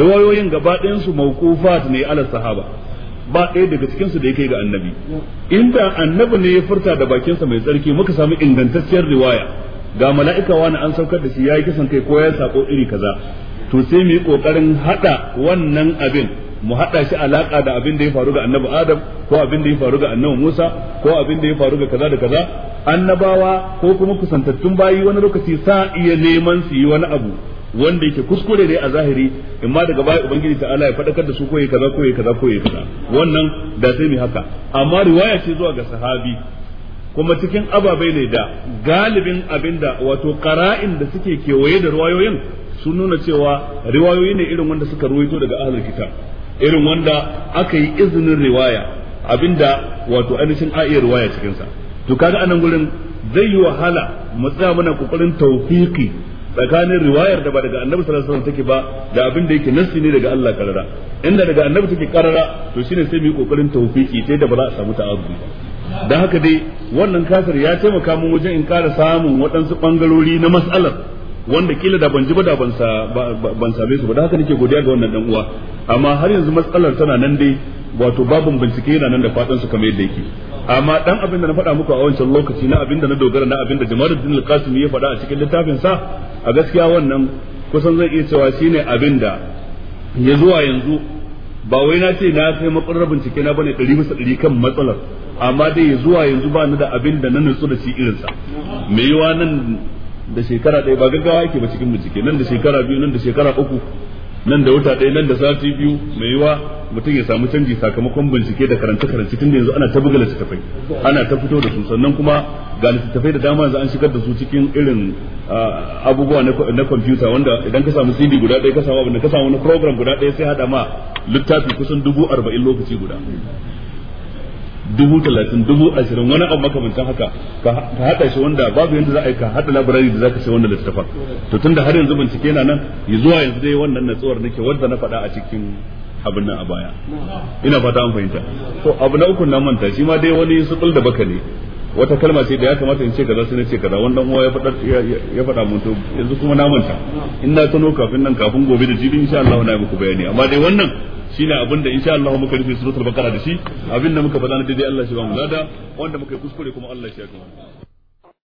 ruwayoyin gaba ɗayan su mawqufat ne ala sahaba ba ɗaya daga cikin su da yake ga annabi inda annabi ne ya furta da bakin sa mai tsarki muka samu ingantacciyar riwaya ga mala'ika wani an saukar da shi ya yi kisan kai ko ya sako iri kaza to sai mu yi kokarin hada wannan abin mu hada shi alaka da abin da ya faru ga annabi adam ko abin da ya faru ga annabi musa ko abin da ya faru ga kaza da kaza annabawa ko kuma kusantattun bayi wani lokaci sa iya neman su yi wani abu wanda yake kuskure ne a zahiri ma daga baya ubangiji ta'ala ya fadakar da su ko kaza ko kaza ko kaza wannan da sai mu haka amma riwaya ce zuwa ga sahabi kuma cikin ababai ne da galibin abinda wato qara'in da suke kewaye da ruwayoyin sun nuna cewa riwayoyi ne irin wanda suka ruwaito daga ahlul kitab irin wanda aka yi izinin riwaya abinda wato ainihin a iya riwaya cikin sa to kaga anan gurin zai yi wahala mu tsaya muna kokarin tawfiqi tsakanin riwayar da ba daga annabi sallallahu alaihi wasallam ba da abin da yake nassi ne daga Allah karara inda daga annabi take karara to shine sai mu yi kokarin tawfiqi sai da ba za a samu ta'arudi haka dai wannan kasar ya taimaka mun wajen in ƙara samun waɗansu bangarori na mas'alar wanda kila da ban ji ba da ban sa ban same su ba da haka nake godiya ga wannan dan uwa amma har yanzu matsalar tana nan dai wato babun bincike yana nan da fadan su kamar yadda yake amma dan abin da na faɗa muku a wancan lokaci na abin da na dogara na abin da Jamaluddin Al-Qasimi ya faɗa a cikin littafin sa a gaskiya wannan kusan zai iya cewa shine abin da ya zuwa yanzu ba wai na ce na kai matsalar bincike na bane ɗari ɗari kan matsalar amma dai zuwa yanzu ba ni da abin da na nutsu da shi irinsa me yiwa nan da shekara ɗaya ba gaggawa yake ba cikin bincike nan da shekara biyu nan da shekara uku nan da wata ɗaya nan da sati biyu mai yiwa mutum ya samu canji sakamakon bincike da karanta karanci tun da yanzu ana ta buga littattafai ana ta fito da su sannan kuma ga littattafai da dama yanzu an shigar da su cikin irin abubuwa na kwamfuta wanda idan ka samu cd guda ɗaya ka samu abin da ka samu wani program guda ɗaya sai haɗa ma littafi kusan dubu arba'in lokaci guda dubu talatin dubu ashirin wani abu makamancin haka ka haɗa shi wanda babu yadda za a yi ka haɗa labirari da za ka sai wannan to to tunda har yanzu bincike na nan zuwa yanzu dai wannan natsuwar nake wadda na faɗa a cikin abin nan a baya ina fata an fahimta to abu na uku na manta shi ma dai wani su da baka ne wata kalma ce da ya kamata in ce kaza sai na ce kaza wannan uwa ya faɗa ya faɗa mun to yanzu kuma na manta in na tano kafin nan kafin gobe da jibi insha Allah na muku bayani amma dai wannan shine abin da insha Allah muka rufe suratul baqara da shi abin da muka faɗa na dai Allah shi ba mu lada wanda muka yi kuskure kuma Allah shi ya kuma